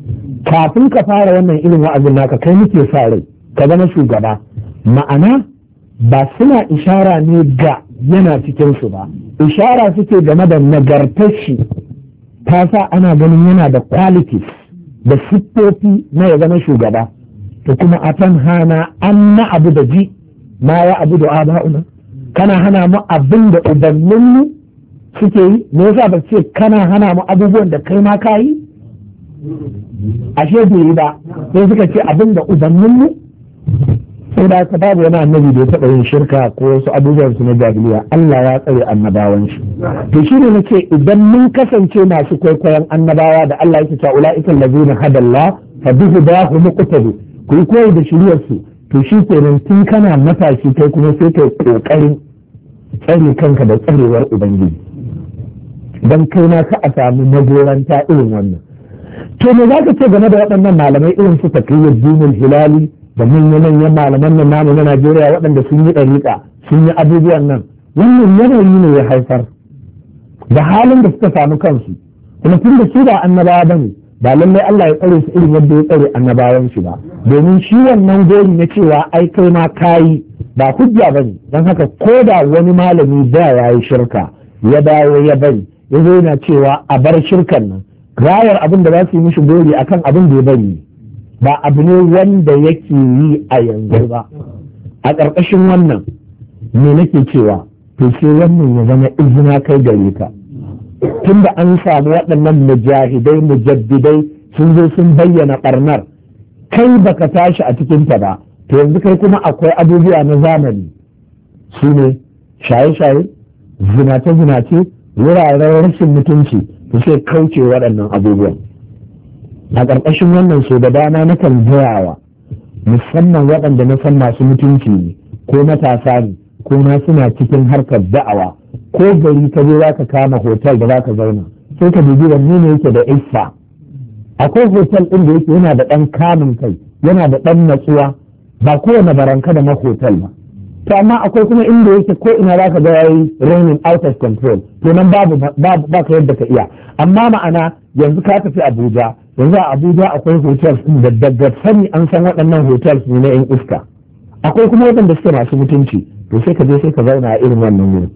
kafin ka fara wannan irin wa'azin naka kai muke sa rai ka zama shugaba ma'ana ba suna ishara ne ga yana cikinsu ba ishara suke game da nagartashi ta sa ana ganin yana da qualities da siffofi na ya zama shugaba to kuma a can hana an na abu da ji ma ya abu da aba'una kana hana mu abin da ubanninmu suke yi me yasa ba ce kana hana mu abubuwan da kai ma ka yi ashe bai yi ba sai suka ce abin da ubanninmu da haka babu wani annabi da ya taɓa yin shirka ko wasu abubuwan su na jahiliya Allah ya tsare annabawan shi to shi ne nake idan mun kasance masu kwaikwayon annabawa da Allah yake cewa ula'ikan lazina hadalla fa bihi ba ku muqtadi ku yi koyi da shiriyar su to shi ke nan, tun kana matashi kai kuma sai kai kokarin tsare kanka da tsarewar ubangiji Don kai na ka a samu magoranta irin wannan to me zaka ce game da waɗannan malamai irin su takriyar dinin hilali da manya-manyan malaman nan namu na Najeriya waɗanda sun yi ɗariƙa sun yi abubuwan nan wannan yanayi ne ya haifar da halin da suka samu kansu kuma tun da su ba annabawa ba ne ba lallai Allah ya tsare su irin yadda ya tsare annabawan shi ba domin shi wannan gori na cewa ai kai ma kayi ba hujja ba ne don haka ko da wani malami da ya yi shirka ya dawo ya bari ya zo yana cewa a bar shirkan nan rayar abin da za su yi mishi gori akan abin da ya bari ne ba abu ne wanda yake yi a yanzu ba a ƙarƙashin wannan me nake cewa to sai wannan ya zama izina kai gare ka tunda an samu waɗannan mujahidai mujaddidai sun zo sun bayyana ɓarnar kai baka tashi a cikinta ba to yanzu kai kuma akwai abubuwa na zamani su ne shaye-shaye zinace-zinace wuraren rashin mutunci to sai kauce waɗannan abubuwan a ƙarƙashin wannan dama na kan wa musamman waɗanda na san masu mutunci ne ko matasa ne ko na suna cikin harkar da'awa ko gari ka za ka kama hotel da ka zauna sai ka dubi wanne ne yake da iffa akwai hotel ɗin da yake yana da ɗan kamun kai yana da ɗan natsuwa ba kowane baranka da hotel ba to amma akwai kuma inda yake ko ina za ka ga yayi raining out of control to nan babu babu ba ka yadda ka iya amma ma'ana yanzu ka tafi Abuja yanzu a Abuja akwai hotels da daga sani an san waɗannan hotels ne na yan iska akwai kuma waɗanda suke masu mutunci to sai ka je sai ka zauna a irin wannan wurin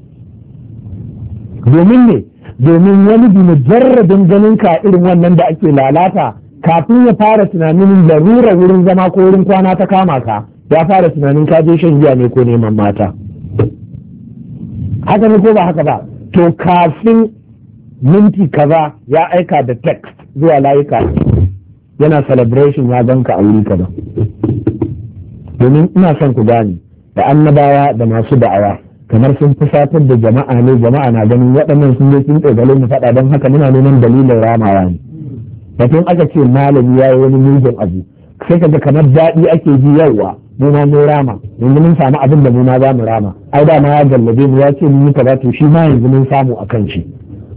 domin ne domin wani bi jarrabin ganin ka irin wannan da ake lalata kafin ya fara tunanin larura wurin zama ko wurin kwana ta kama ka ya fara tunanin ka je shan giya ne ko neman mata haka ne ko ba haka ba to kafin minti kaza ya aika da text zuwa layuka yana celebration ya ganka aure wuri kaza domin ina son ku gani da annabawa da masu da'awa kamar sun fi satar da jama'a ne jama'a na ganin waɗannan sun je sun tsogale mu faɗa don haka muna neman dalilin ramawa ne batun aka ce malami ya yi wani mugun abu sai ga kamar daɗi ake ji yauwa mu ma mun rama yanzu mun samu abin da mu ma za mu rama ai da ma ya gallabe mu ya ce mun ba to shi ma yanzu mun samu akan shi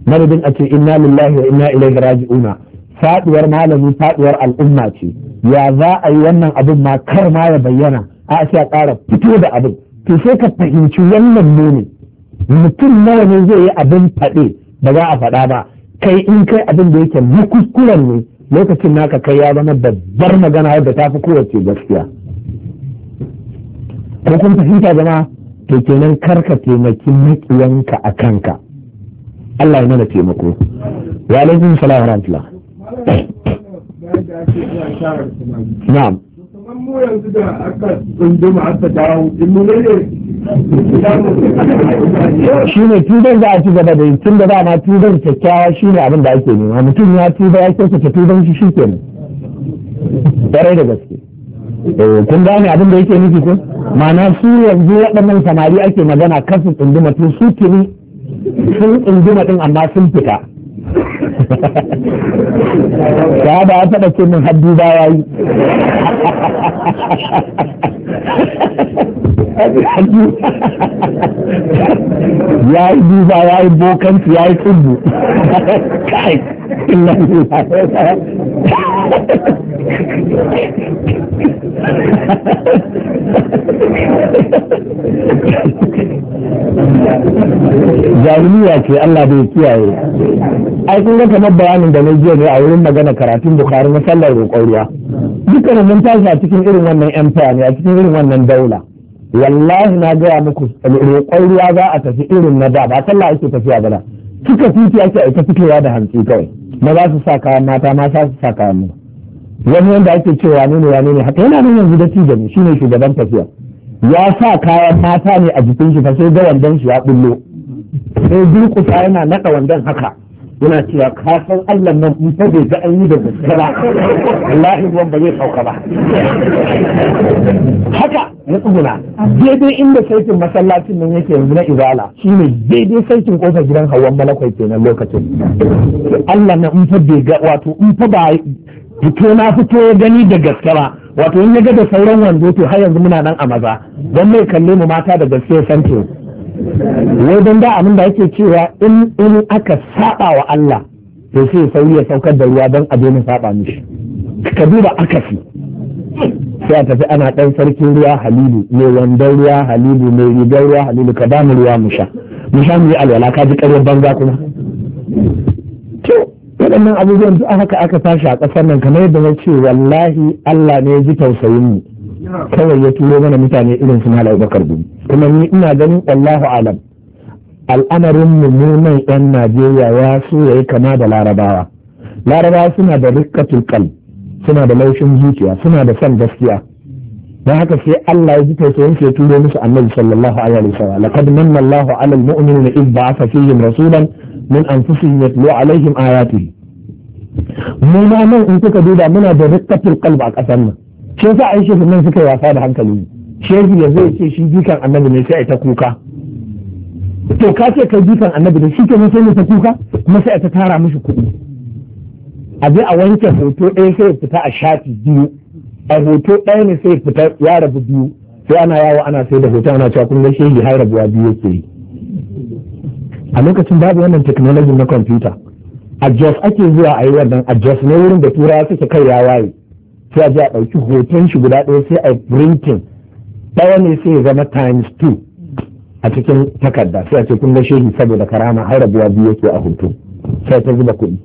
madadin a ce inna lillahi wa inna ilaihi raji'una faduwar malami faduwar al'umma ce ya za a yi wannan abin ma kar ma ya bayyana a sai a ƙara fito da abin to sai ka fahimci wannan ne mutum nawa ne zai yi abin faɗe ba za a faɗa ba kai in kai abin da yake na kuskuren ne lokacin naka kai ya zama babbar magana yadda ta fi kowace gaskiya ko kun fahimta zama to kenan karka taimaki makiyanka a kanka Allah ya mana taimako wa alaikum salam wa rahmatullah na'am mu yanzu da aka aka dawo in mu ne shi ne tuban za a ci gaba da yi tun da na tuban kyakkyawa shi ne abin da ake nema mutum ya tuba ya kyautata tuban shi shi kenan ƙwarai da gaske eh, kun gane abin da yake nufi ko ma'ana su yanzu waɗannan samari ake magana kar su tsunduma tun su tuni sun tsunduma ɗin amma sun fita ya da an taɓa ce min haddu ba ya yi ya yi duba ya yi bokanci ya yi tudu kai إلا ce Allah bai kiyaye ai kun ga kamar bayanin da na jiya ne a wurin magana karatun bukari na sallar roƙoriya ruwa dukkanin mun tashi a cikin irin wannan empire ne a cikin irin wannan daula wallahi na gaya muku roƙoriya za a tafi irin na da ba sallah ake tafiya ba na suka titi ake aika fitowa da hantsi kawai ba za su sa kayan mata ma za su sa kayan mu wani wanda ake cewa ne ne wane ne haka yana nan yanzu da tijan shi ne shugaban tafiya ya sa kayan mata ne a jikin shi fa sai ga wandon shi ya bullo sai durkusa yana naɗa wandon haka yana cewa ka san Allah nan in ta bai ga an yi da gaske ba. wallahi ruwan ba zai sauka ba haka ya tsuguna daidai inda saikin masallacin nan yake yanzu na izala shine daidai saikin kofar gidan hawan malakwai kenan lokacin Allah nan in fa bai ga wato in fa ba fito na fito ya gani da ba wato in ya ga da sauran wando to har yanzu muna nan a maza don mai kalle mu mata da gaske san to wai don da abin da ake cewa in in aka saba wa Allah to sai sauri ya saukar da ruwa don a mu saba mishi ka duba akasi sai a tafi ana ɗan sarkin ruwa halilu mai wandon ruwa halilu mai rigar ruwa halilu ka ba ruwa mu sha mu yi alwala ka ji karyar banza kuma to waɗannan abubuwan a haka aka tashi a ƙasar nan kamar yadda na ce wallahi Allah ne ya ji tausayin mu kawai ya turo mana mutane irin su Malam Abubakar Gumi kuma ni ina ganin allahu alam al'amarin mummunan yan najeriya ya so ya yi kama da larabawa larabawa suna da rikatul kal suna da laushin zuciya suna da son gaskiya da haka sai Allah ya ji tausayin ya turo musu annabi sallallahu alaihi wasallam laqad manna Allahu 'alal mu'minina idh ba'atha fihim rasulan min anfusihim yatlu 'alaihim ayatihi mu ma nan in kuka duba muna da rikatul qalb a kasan nan shi yasa aisha nan suka yi wasa da hankali shehu ya zai ce shi jikan annabi ne sai a ta kuka to ka ce kai jikan annabi ne shi ke ne ta kuka kuma sai a ta tara mishi kuɗi a je a wanke hoto ɗaya sai fita a shafi biyu a hoto ɗaya ne sai fita ya rabu biyu sai ana yawo ana sai da hoto ana cewa kun ga har rabuwa biyu yake yi a lokacin babu wannan technology na kwamfuta a jos ake zuwa a yi wannan a jos ne wurin da turawa suke kai ya waye sai a je a ɗauki hoton shi guda ɗaya sai a printing ɗaya ne sai ya zama times two a cikin takarda sai a ce kun ga shehi saboda karama har rabuwa biyu yake a hutu sai ta zuba kuɗi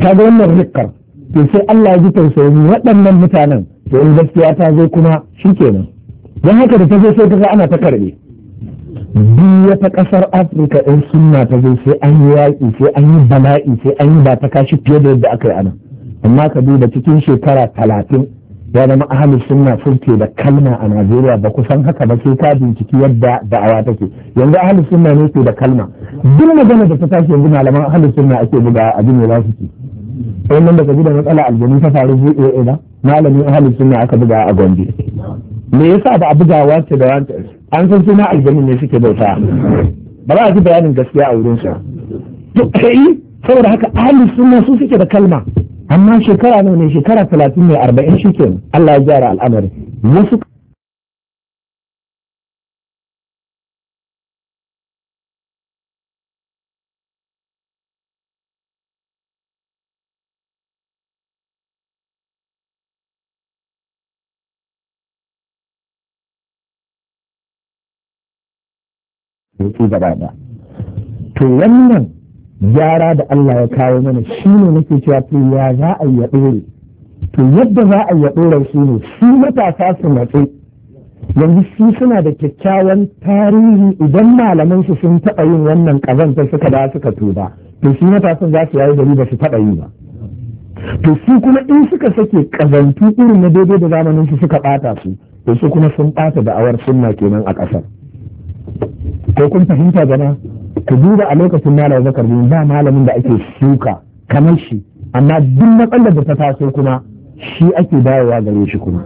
ta ga wannan rikkar to sai Allah ya ji tausayin waɗannan mutanen to in gaskiya ta zo kuma shikenan don haka da ta zo sai ta ga ana ta karɓe duk wata ƙasar afirka ɗin sunna ta zo sai an yi yaƙi sai an yi bala'i sai an yi ba ta kashi fiye da yadda aka yi ana amma ka duba cikin shekara talatin ya zama ahalin sunna suke da kalma a najeriya ba ku san haka ba sai ka binciki yadda da'awa take yanzu ahalin sunna ne ke da kalma duk magana da ta tashi yanzu malaman ahalin sunna ake buga a da za su ci wannan da kaji da matsala aljanu ta faru zuwa ba malamin ahalin sunna aka buga a gombe me yasa ba a buga wace da wace an san suna aljanu ne suke bauta ba za a ji bayanin gaskiya a wurin sa to kai eh, saboda haka ahalin sunna su suke da kalma أما شكرا من شكرا ثلاثمية أربعين شكرا الله جارى الأمر وفق في جبانا تو gyara da Allah ya kawo mana shi ne nake cewa to ya za a yi ya ɗore to yadda za a yi ya ɗore shi ne su matasa su matsi yanzu su suna da kyakkyawan tarihi idan malaman su sun taɓa yin wannan ƙazantar suka da suka tuba to su matasan za su yayi gari ba su taɓa yi ba to su kuma in suka sake ƙazantu irin na daidai da zamanin su suka ɓata su to su kuma sun ɓata da'awar sunna kenan a ƙasar ko kun fahimta jama'a ka duba a lokacin malam zakar bin ba malamin da ake shuka kamar shi amma duk matsalar da ta taso kuma shi ake dawowa gare shi kuma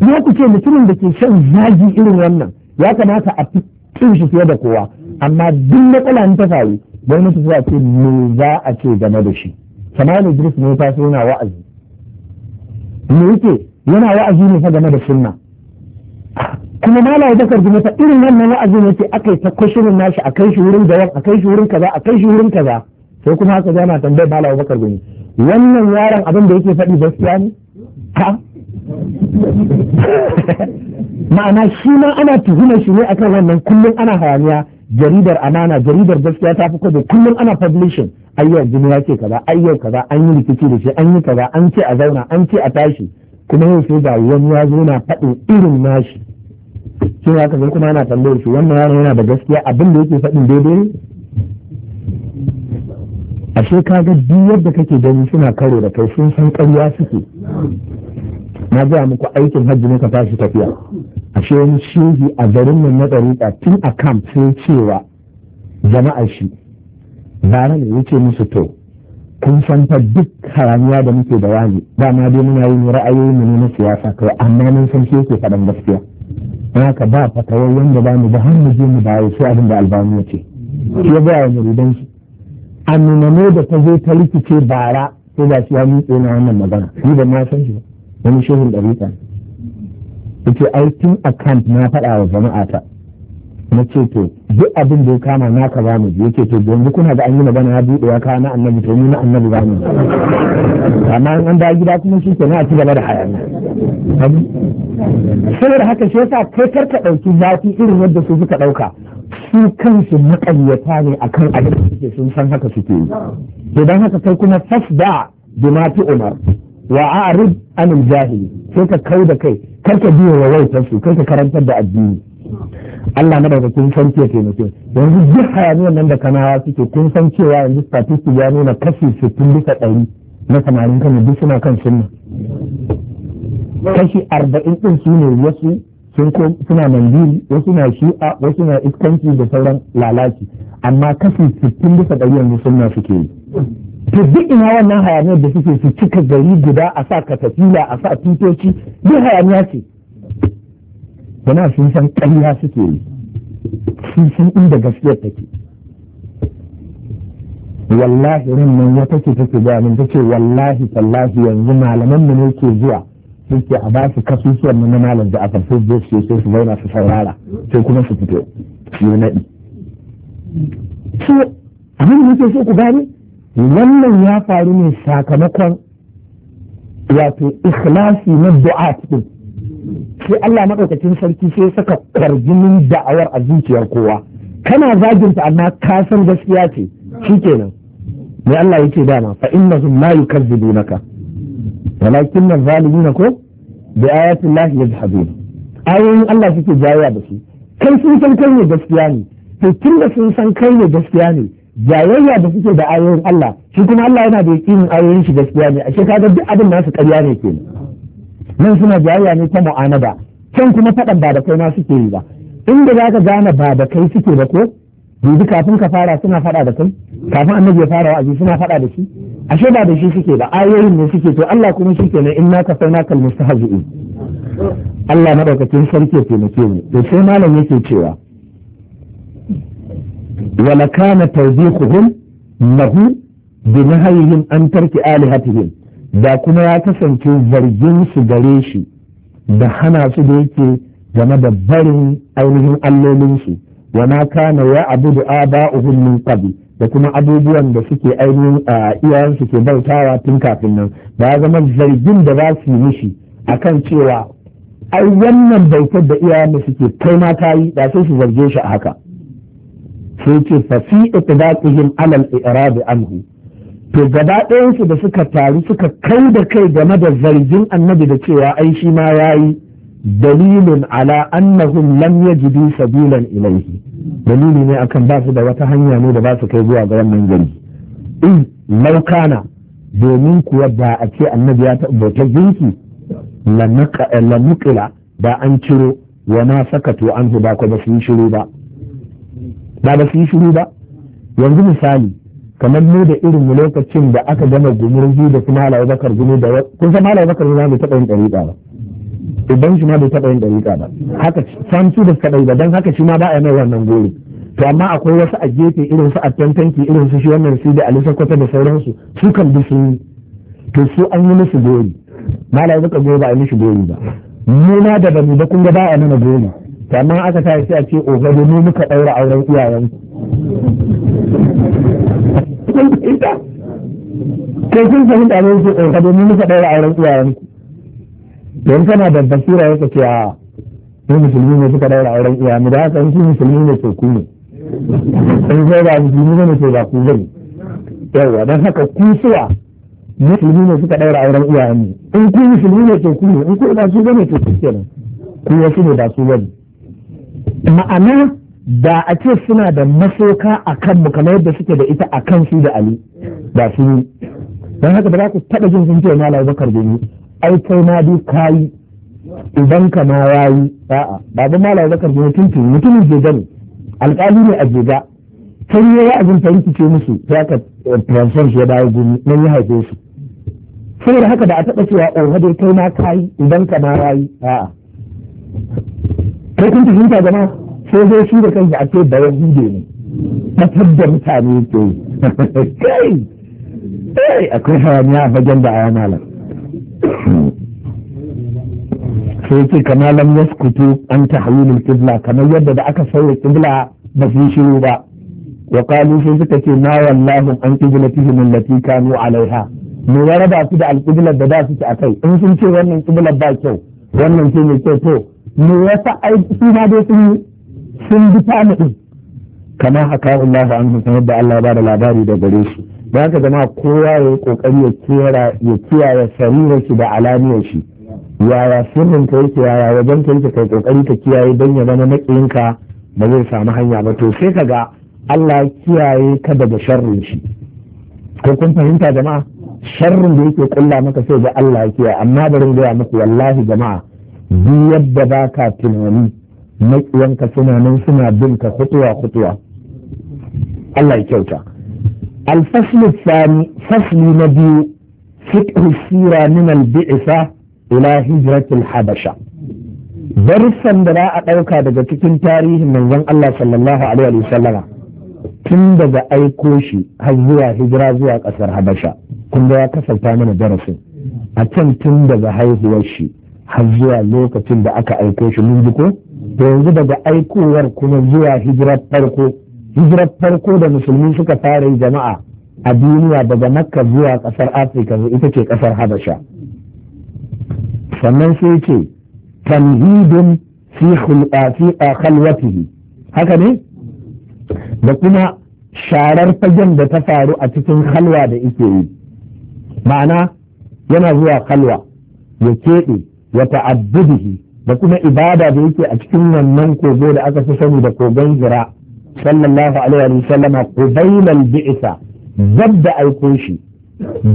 ya ku ce mutumin da ke shan zagi irin wannan ya kamata a fi shi fiye da kowa amma duk matsala ta faru gwamnati ta ce me za a ce game da shi samani idris ne ta yana wa'azi me yake yana wa'azi ne fa game da sunna kuma mala ya dakar mata irin wannan wa'azin yace akai ta kwashirin nashi akai shi wurin gawan akai shi wurin kaza akai shi wurin kaza sai kuma haka zama tambayar mala ya dakar gumi wannan yaron abin da yake faɗi gaskiya ne ha ma'ana shi ma ana tuhumar shi ne akan wannan kullum ana hayaniya jaridar anana jaridar gaskiya ta fi kwazo kullum ana publishing ayyar jini ya ce kaza ayyar kaza an yi rikici da shi an yi kaza an ce a zauna an ce a tashi kuma yau sai ga wani ya zo na faɗin irin nashi cewa ya kaga kuma yana tambayar shi wannan yana yana da gaskiya abin da yake faɗin daidai ne ashe kaga duk yadda kake gani suna karo da kai sun san ƙarya suke na gaya muku aikin hajji muka tashi tafiya ashe wani shehi a garin nan na ɗariƙa tun a kam sai cewa jama'a shi bara ne wuce musu to kun san ta duk haramiya da muke da wani dama dai muna yin ra'ayoyin mu ne na siyasa kawai amma mun san shi yake faɗan gaskiya haka ba fatawar wanda ba mu ba har mu mu dawo su abin da albani ya ce ya ba wa muridan shi da ta zo ta rikice bara ko ba shi ya nutse na wannan magana ni da na san shi wani shehun ɗarika yace ai tun account na faɗa wa jama'ata na ce to duk abin da ya kama naka ba mu ya ce to yanzu kuna da an yi magana ya buɗe ya kawo na annabi to ni na annabi ba mu amma in an da gida kuma shi ke na a ci gaba da hayaniya saboda haka shi yasa kai kar ka ɗauki zafi irin yadda su suka ɗauka su kansu maƙaryata ne akan abin da suke sun san haka suke yi to don haka kai kuma fasda da tu umar wa a'rid anil jahili sai ka kau da kai kar ka biyo wa wautar kar ka karantar da addini Allah na kun sarki ke taimake yanzu duk hayaniyar nan da kanawa suke kun san cewa yanzu statistics ya nuna kashi 60 bisa ɗari na samarin kan duk suna kan sunna kashi arba'in ɗin su ne wasu sun suna mandiri wasu na shi'a wasu na iskanci da sauran lalaci amma kashi sittin bisa ɗari yanzu sunna suke yi to duk ina wannan hayaniyar da suke su cika gari guda a sa katafila a sa titoci duk hayaniya ce jama'a sun san ƙarya suke yi sun san inda gaskiyar take wallahi ran nan wata ce take gaya min take wallahi tallahi yanzu malaman mu ne ke zuwa suke a ba su kasusuwan mu na malam da aka fi zo su sai su zauna su saurara sai kuma su fito su yi naɗi. so abin da nake so ku gane wannan ya faru ne sakamakon wato ikhlasi na du'at cikin. sai Allah madaukakin sarki sai saka kwarginin da'awar a zuciyar kowa kana zaginta amma ka san gaskiya ce shikenan mai Allah yake dama fa innahum la yukazzibunaka walakin na ko bi ayati llahi yajhabun ayoyin Allah suke jayya da su kai sun san kai ne gaskiya ne to tunda sun san kai ne gaskiya ne jayayya da suke da ayoyin Allah shi kuma Allah yana da yakinin ayoyin shi gaskiya ne ashe kaga duk abin nasu ƙarya ne kenan nan suna jayayya ne ta ba can kuma faɗan ba da kai ma suke yi ba inda za ka gane ba da kai suke ba ko dubi kafin ka fara suna faɗa da kai kafin annabi ya fara wa'azi suna faɗa da shi ashe ba da shi suke ba ayoyin ne suke to Allah kuma shi kenan in naka sai naka mustahzi'in Allah madaukakin sarki ya taimake mu to sai malam yake cewa wala kana tawbihuhum mahu bi nahyihim an tarki alihatihim da kuma ya kasance zargin su gare shi da hana su da yake game da barin ainihin allolinsu wa na kana ya abu da aba'uhum min qabl da kuma abubuwan da suke ainihin iyayensu ke bautawa tun kafin nan ba ya zama zargin da za su yi mishi akan cewa ai wannan bautar da iyayen da suke kai ma ta yi da sai su zarge shi a haka sai ce fa fi yin alal i'rab anhu to gaba ɗayansu da suka taru suka kai da kai game da zargin annabi da cewa ai shi ma yayi dalilin ala annahum lam yajidu sabilan ilaihi dalili ne akan ba su da wata hanya ne da ba su kai zuwa ga wannan gari in laukana domin kuwa ba a ce annabi ya bautar ginki lanukila ba an ciro wa ma to an ba ko ba su yi shiru ba ba ba su yi shiru ba yanzu misali kamar mu da irin mu lokacin da aka gama gumurzu da kuma halawa zakar gumi da kun san halawa zakar gumi bai taɓa yin ɗariƙa ba idan shi ma bai taɓa yin ɗariƙa ba haka san su da kaɗai ba don haka shi ma ba a yi mai wannan gori to amma akwai wasu a gefe irin su tantanki irin su shi wannan su da alisa kwata da sauransu su kan bi sun yi to su an yi musu gori malawa zakar gori ba a yi musu gori ba mu na da bamu ba kun ga ba a nuna gori to amma aka sa sai a ce ogado mu muka ɗaura auren iyayenku kun fahimta da basira yake ni musulmi ne suka ɗaura iyayen da haka musulmi ne to ku ne in sai ba musulmi ne to ba ku don haka ku suwa musulmi ne suka ɗaura iyayen in ku musulmi ne to ku ne in ku ba su to ku ma'ana da a ce suna da masoka a mu kamar yadda suke da ita a kan su da ali da su yi don haka ba za ku taɓa jin sun ce mala bakar gani ai kai na bi kayi idan ka ma yayi a'a ba mala bakar gani tun tun mutumin jega ne alƙali ne a jega sai ya yi abin fahimci ce musu ya ka eh, transfer ya dawo gumi nan ya haife su sai da haka da a taɓa cewa oh dai kai na kayi idan ka ma yayi a'a kai kun fahimta jama'a sai dai shi da kanshi a ce bayan hude ne fatar da mutane ke yi kai kai akwai hayaniya a fagen da aya malam sai ce kama lam sukutu an mil kibla kamar yadda da aka sauya kibla ba su shiru ba wa kalu sai suka ce na wallahu an qiblatihim lati kanu alaiha mu ya raba su da alqiblar da da a kai? in sun ce wannan qiblar ba kyau wannan ce mai kyau to mu yasa ai su ma dai sun yi sun bi ta ɗin kama haka Allah an hukun yadda Allah ba da labari da gare shi da haka zama kowa ya yi kokari ya kiyaye sarirar shi da alaniyar shi yaya sirrin ka yake yaya wajen ka yake kai kokari ka kiyaye dan ya zama matsayinka ba zai samu hanya ba to sai ka ga Allah kiyaye ka daga sharrin shi ko kun fahimta jama'a sharrin da yake kulla maka sai da Allah ya kiyaye amma bari gaya muku wallahi jama'a duk yadda baka tunani maƙiyanka suna nan suna bin ka hutuwa hutuwa Allah ya kyauta Alfasli tsani fasli na biyu fiqh sira min al ila hijratil habasha darussan da za a ɗauka daga cikin tarihin manzon Allah sallallahu alaihi wa sallama tun daga aiko shi har zuwa hijira zuwa ƙasar habasha kun ga ya kasanta mana darasin a can tun daga haihuwar shi har zuwa lokacin da aka aiko shi mun ji ko da yanzu daga aikowar kuma zuwa hijirar farko hijirar farko da musulmi suka fara yi jama'a a duniya daga makka zuwa kasar afirka ita ce kasar habasha sannan sai ce tamhidun fi khalwatihi haka ne da kuma sharar fagen da ta faru a cikin halwa da ike yi ma'ana yana zuwa halwa ya keɓe ya ta'addudihi da kuma ibada da yake a cikin wannan kogo da aka fi sani da kogon jira sallallahu alaihi wa sallama qubailal bi'sa zabda aiko shi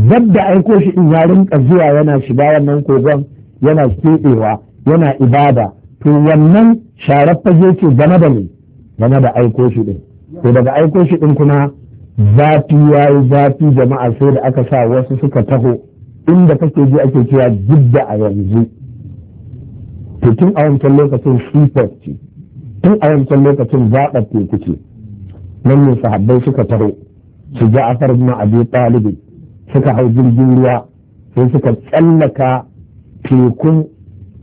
zabda aiko shi in ya rinka zuwa yana shiga wannan kogon yana kebewa yana ibada to wannan sharar fage ce game da ne game da aiko shi din to daga aiko shi din kuma zafi yayi zafi jama'a sai da aka sa wasu suka taho inda kake ji ake cewa jidda a yanzu to tun a wancan lokacin seaport ce tun a wancan lokacin zaɓar teku ce nan ne sahabbai suka taro su ja'afar ibn abi ɗalibi suka hau jirgin ruwa sai suka tsallaka tekun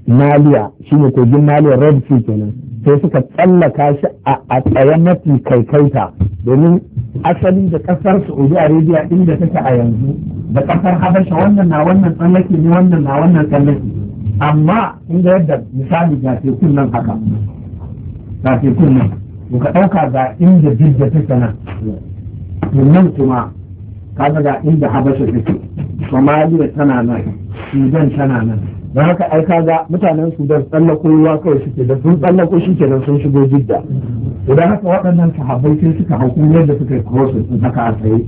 maliya shine kogin maliya red sea kenan sai suka tsallaka shi a tsaye mafi kaikaita domin asali da kasar saudi arabia inda take a yanzu da kasar habasha wannan na wannan tsallake ne wannan na wannan tsallake amma inda yadda misali ga tekun nan haka ga tekun nan ka ɗauka ga inda jirgin take nan nan kuma kaga ga inda habasha take somaliya tana nan sudan tana nan da haka ai kaga mutanen sudan tsallako ruwa kawai suke da sun tsallako shi kenan sun shigo jidda idan haka waɗannan sahabbai sai suka hau kuma yadda suka yi crosses sun haka a tsaye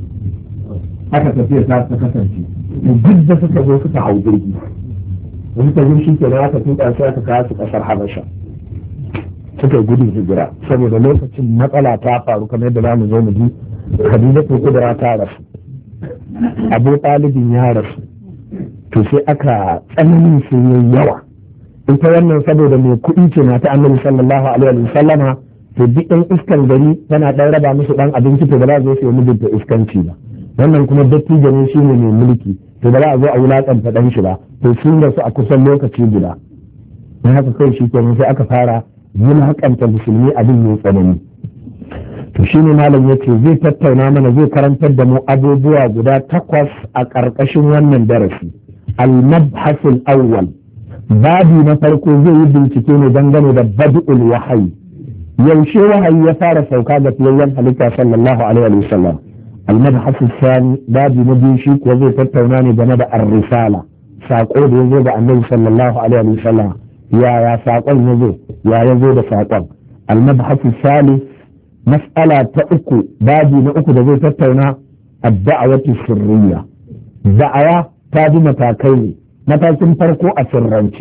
haka tafiya ta kasance duk da suka zo suka hau jirgi mun ta shi na aka tuka su aka kawo su kasar habasha suka gudun hijira saboda lokacin matsala ta faru kamar yadda zamu zo mu ji Khadija ko kudura ta rasu Abu Talibin ya rasu to sai aka tsananin sun yi yawa ita wannan saboda mai kuɗi ce na ta annabi sallallahu alaihi wa sallama to duk ɗan iskan gari tana ɗan raba musu ɗan abinci to ba za su yi mijin da iskanci ba wannan kuma dattijo ne shine mai mulki to ba za a zo a wulaƙanta ɗan shi ba to sun da su a kusan lokaci guda na haka kai shi kenan sai aka fara wulaƙanta musulmi abin ya tsanani to shi ne malam ya ce zai tattauna mana zai karantar da mu abubuwa guda takwas a ƙarƙashin wannan darasi al-mabhasul awwal babi na farko zai yi bincike ne dangane da bad'ul wahayi yaushe wahayi ya fara sauka ga fiyayyen halitta sallallahu alaihi wa sallam المبحث الثاني باب نبي شيك وزي تتوناني جمد الرسالة ساقود يزيد النبي صلى الله عليه وسلم يا يا ساقون يزيد يا يزيد ساقون المبحث الثالث مسألة تأكو باب نأكو زي تتونا الدعوة السرية دعوة تاجي متاكيني matakin farko a sirrance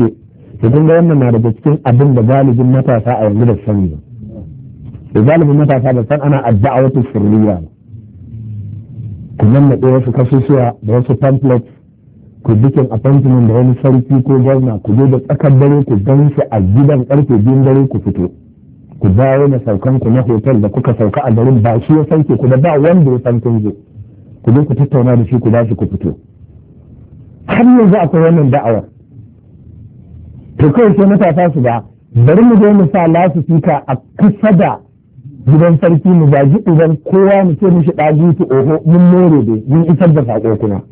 to kun ga wannan na daga cikin abin da galibin matasa a yanzu da sani ba galibin matasa da san ana addu'a wata sirriya ba ku nannaɗe wasu kasusuwa da wasu pamphlets ku bikin appointment da wani sarki ko gwamna ku zo da tsakar dare ku gan shi a gidan karfe biyun dare ku fito ku dawo na saukanku na hotel da kuka sauka a garin ba shi ya sauke ku da ba wanda ya san kun ku zo ku tattauna da shi ku ba shi ku fito har yanzu akwai wannan da'awar to kawai sai matasa su ba bari mu zo mu sa lasu suka a kusa da gidan sarki mu zagi uban kowa mu ce mishi ɗagutu oho mun more dai mun isar da saƙo kuma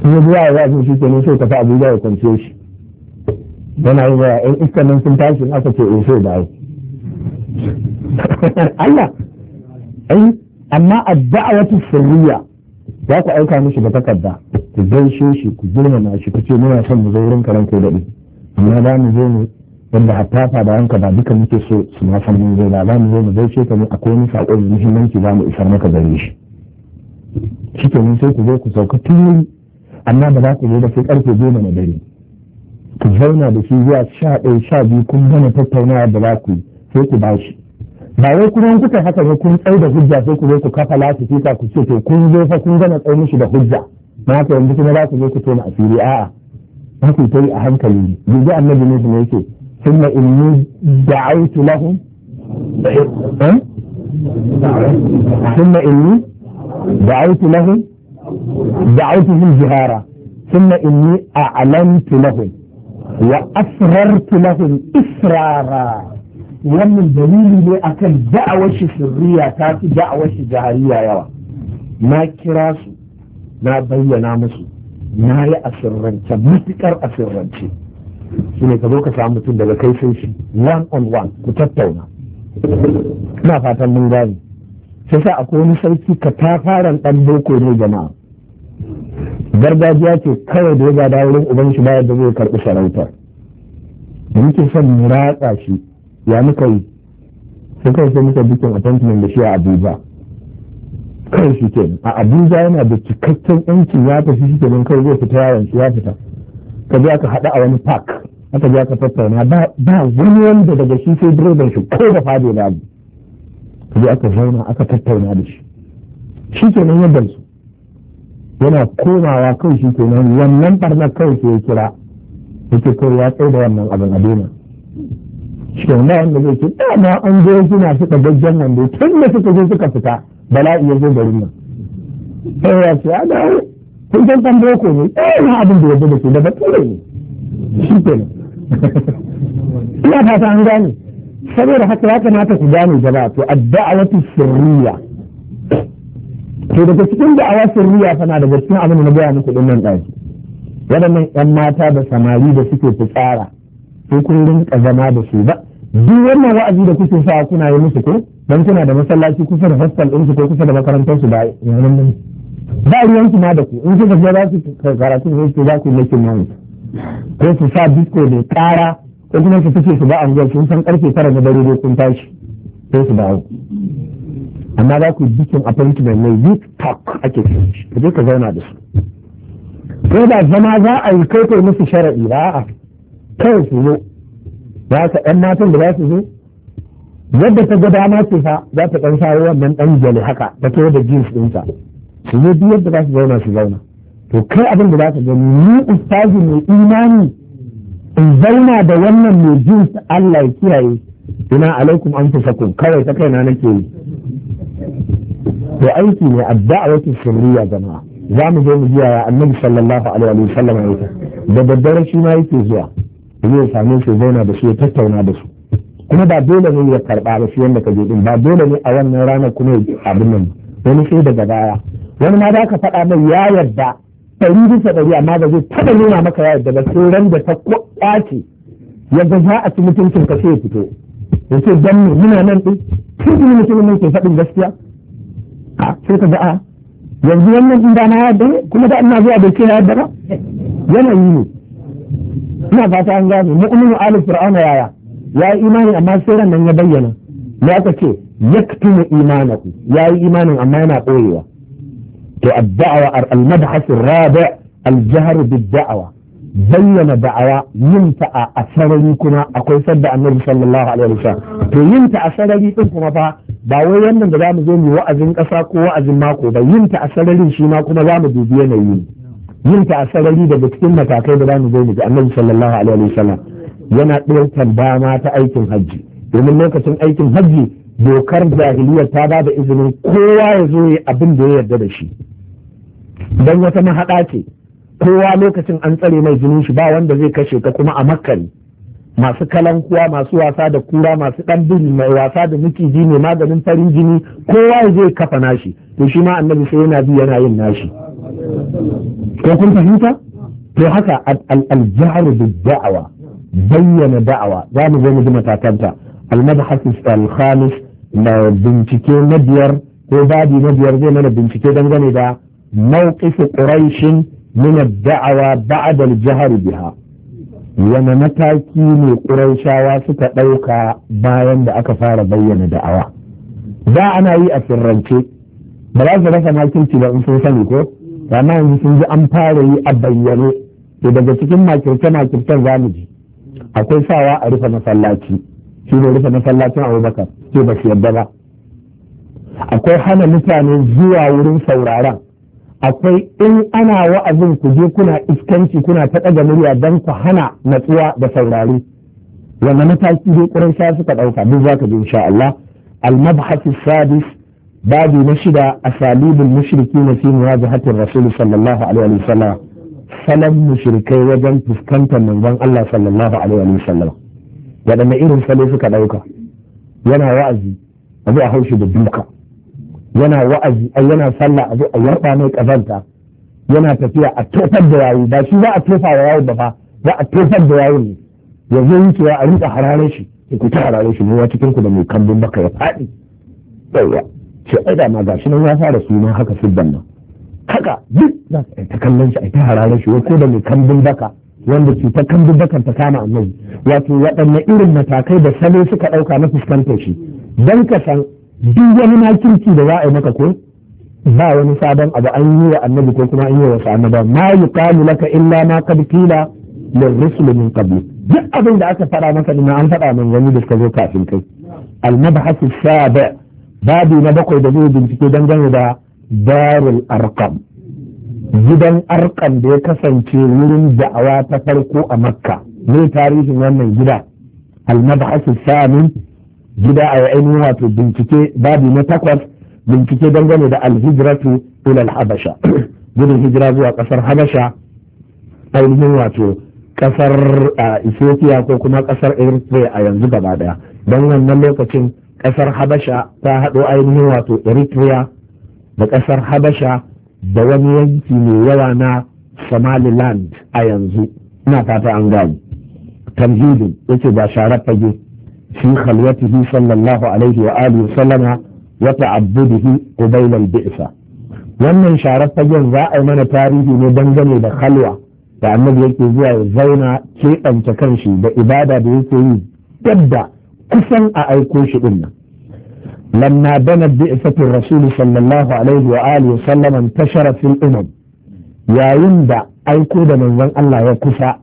kuma zuwa ya zafi shi kenan sai fa abuja ya kwance shi yana yi yawa yan iskan nan sun tashi aka ce in so bayi Allah ai amma adda'awatu sirriya za ku aika mishi da takarda ku gaishe shi ku girmama shi ku ce muna son mu zo wurin karen ko daɗi amma da mu zo mu wanda hatta da yanka ba duka muke so su ma san mun zo ba za mu zo mu zai ka mu akwai wani sako da muhimmanci za mu isar maka gare shi shi ke sai ku zo ku sauka tun amma ba za ku zo da sai karfe goma na dare ku zauna da shi zuwa sha ɗaya sha biyu kun gama tattaunawa da za ku yi sai ku ba shi ba wai kuma kuka haka ne kun tsai da hujja sai ku zo ku kafa lasifika ku ce to kun zo fa kun gama tsaye mishi da hujja na haka yanzu kuma za ku zo ku tona asiri a'a za ku yi ta yi a hankali ne yanzu annabi ne yake ثم إني دعوت لهم ثم إني دعوت لهم دعوتهم جهارا ثم إني أعلنت لهم وأسررت لهم إسرارا لأن الدليل اللي أكل دعوة سرية تاتي دعوة جهارية يا ما كراسو ما بينا مسو ما يأسرن تبتكر أسرن تبتكر أسرن shi ne ka zo ka samu mutum daga kai sai shi one on one ku tattauna ina fatan mun gani sai sa akwai wani sarki ka ta fara dan boko ne jama'a gargajiya ce kawai da ya ga dawo wurin uban shi ba da zai karɓi sarauta da muke son mu ratsa shi ya muka yi sai kawai sai muka bikin appointment da shi a abuja kawai shi ke a abuja yana da cikakken yankin ya tafi shi ke don kawai zai fita yawon ya fita ka je aka haɗa a wani park aka je aka tattauna ba wani wanda daga shi sai direban shi ko da fadi na abu ka je aka zauna aka tattauna da shi shi ke nan ya su yana komawa kawai shi ke nan wannan barnar kawai ke kira yake kawai ya tsaye da wannan abin a dena shi nan wanda zai ce dama an zo suna suka jan wanda tun da suka zo suka fita bala'i ya zo garin nan sai ya ce ya dawo kun san ɗan boko ne eh na abin da yadda da ke daga tura ne shi ke ina an gane saboda haka ya kamata ku gane gaba to adda'awatu sirriya to daga cikin da'awa sirriya fana daga cikin abin da na gaya muku din nan ɗaki Wadannan 'yan mata da samari da suke fitsara sai kun rinka zama da su ba duk wannan wa'azi da kuke sa kuna yi musu ko dan kuna da masallaci kusa da hostel ɗinsu ko kusa da makarantarsu ba ba a su ma da ku in kika je za su karatu ne su za ku makin mani ko su sa disco da kara ko kuma su fice su ba anguwar sun san karfe tara na dare ne kun tashi sai su dawo amma za ku yi bikin appointment mai yi talk ake ce ka je ka zauna da su ko ba zama za a yi kai kai musu sharaɗi ba a kai su zo za ka ɗan matan da za su zo yadda ta ga dama ce fa za ta ɗan shawo wannan ɗan jale haka ta da jeans ɗinsa su zo duk yadda za su zauna su zauna to kai abin da za ka gani ni ustazi mai imani in zauna da wannan mai jin Allah ya kiyaye ina alaikum an fusakun kawai ta kaina nake yi to aiki ne adda'awatu sirriya jama'a za mu je mu biya ya annabi sallallahu alaihi wa sallam aika da daddare shi ma yake zuwa a same su zauna da su ya tattauna da su kuma ba dole ne ya karba ba shi wanda ka je din ba dole ne a wannan ranar kuma abin nan wani sai daga baya wani ma za ka faɗa mai ya yarda ɗari bisa ɗari amma ba zai taɓa nuna maka ya yarda ba sai ran da ta kwace yadda za a ci mutuncin ka sai fito ya ce dan mu muna nan ɗin tun ne mutumin nan ke faɗin gaskiya a sai ka ga a ah, yanzu wannan in da na yarda kuma da ina zuwa bai ce ya yarda ba yanayi ne ina fata an gane mu'minu alu fir'auna yaya ya yi imani amma sai ran nan ya bayyana me aka ce yaktumu imanaku ya yi imanin amma yana ɓoyewa to ad-da'wa al-mabhath ar-rabi' al dawa bayyana da'awa yin ta a asarari kuma akwai sadda annabi sallallahu alaihi wasallam to yin ta a sarari din kuma fa ba wai wannan da zamu zo mu wa'azin kasa ko wa'azin mako ba yinta asarari a shi ma kuma zamu dubi yanayi yi. Yinta a sarari daga cikin matakai da zamu zo mu ga annabi sallallahu alaihi wasallam yana ɗaukar dama ta aikin hajji domin lokacin aikin hajji dokar jahiliyar ta ba da izinin kowa ya zo ya abin da ya yarda da shi don wata mahaɗa ce kowa lokacin an tsare mai jinin shi ba wanda zai kashe ka kuma a makari masu kalankuwa masu wasa da kura masu ɗan biri mai wasa da miciji mai maganin farin jini kowa zai kafa nashi to shi ma annabi sai yana bi yana yin nashi ko kun fahimta to haka al-jahr da'awa bayyana da'awa za mu zo mu ji matakanta al-mabhas al-khamis na bincike na biyar ko babi na biyar zai mana bincike dangane da موقف قريش من da'awa ba'adar jihar biha wani mataki ne ƙuraishawa suka ɗauka bayan da aka fara bayyana da'awa da ana yi a sirrance ba za su rasa makirci ba in sun sani ko amma yanzu sun ji an fara yi a bayyane to daga cikin makirce makircen za mu ji akwai sawa a rufe masallaci shi ne rufe masallacin abubakar ce ba yadda ba akwai hana mutane zuwa wurin sauraron akwai in ana wa'azin ku je kuna iskanci kuna ta ɗaga murya don ku hana natsuwa da saurari wannan mataki dai ƙuraisha suka ɗauka duk za ka ji insha Allah al-mabhath sadis babu na shida asalibul mushrikin fi muwajahatir rasul sallallahu alaihi wa sallam salam mushrikai wajen fuskantar manzon Allah sallallahu alaihi wa sallam wadanne irin salo suka ɗauka yana wa'azi a a haushi da duka yana wa'azi ai yana sallah a zo a yarba mai kazanta yana tafiya a tofar da yayi ba shi za a tofa da yayi ba ba za a tofar da yayi ne ya zo wucewa a rinka harare shi ya kuta harare shi ne cikin ku da mai kambun baka ya faɗi yawa ce ai da ma shi nan ya fara suna haka fiddan nan haka duk za ka ta kallon shi a ta harare shi ko da mai kambun baka wanda ke ta kambun bakan ta kama annabi wato waɗanne irin matakai da salo suka ɗauka na fuskantar shi dan ka san duk wani makirci da za a yi maka ko ba wani sabon abu an yi wa annabi ko kuma an yi wa annaba ma yuqalu laka illa ma qad da lirrusul min qabl duk abin da aka fara maka dinnan an faɗa min wani da suka zo kafin kai al mabhasu sabi babu na bakwai da zai bincike dangane da darul arqam gidan arqam da ya kasance wurin da'awa ta farko a makka ne tarihin wannan gida al mabhasu samin gida a ainihin wato bincike babu na takwas bincike dangane da alhijratu ila alhabasha gudun hijira zuwa kasar habasha ainihin wato kasar ethiopia ko kuma kasar eritrea a yanzu gaba daya don wannan lokacin kasar habasha ta haɗo ainihin wato eritrea da kasar habasha da wani yanki mai yawa na somaliland a yanzu ina fata an gani tamhidin yake ba sharar fage في خلوته صلى الله عليه وآله وسلم وتعبده قبيل البئسة wannan sharar za a yi mana tarihi ne dangane da halwa da annabi yake zuwa ya zauna keɓance kanshi da ibada da yake yi yadda kusan a aiko shi din nan lamma dana bi'satir rasul sallallahu alaihi wa alihi wa sallam tashara fil umam yayin da aiko da manzon Allah ya kusa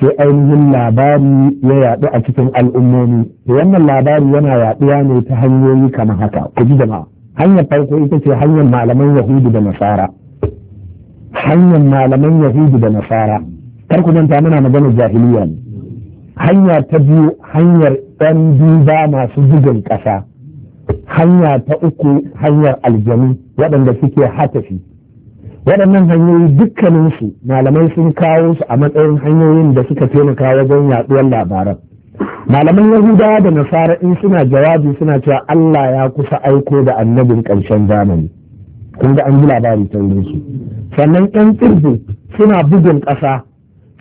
sai ainihin labari ya yaɗu a cikin al'ummomi wannan labari yana yaɗuwa ne ta hanyoyi kamar haka ku ji jama'a hanyar farko ita ce hanyar malaman yahudu da nasara hanyar malaman yahudu da nasara kar ku manta muna magana jahiliya ne hanya ta biyu hanyar ɗan duba masu bugun ƙasa hanya ta uku hanyar aljanu waɗanda suke hatafi waɗannan hanyoyi dukkaninsu malamai sun kawo su a matsayin hanyoyin da suka taimaka wajen yaɗuwar labaran malaman Yahuda da nasara in suna jawabi suna cewa allah ya kusa aiko da annabin ƙarshen zamani kun ga an ji labari ta sannan yan tsirbi suna bugun ƙasa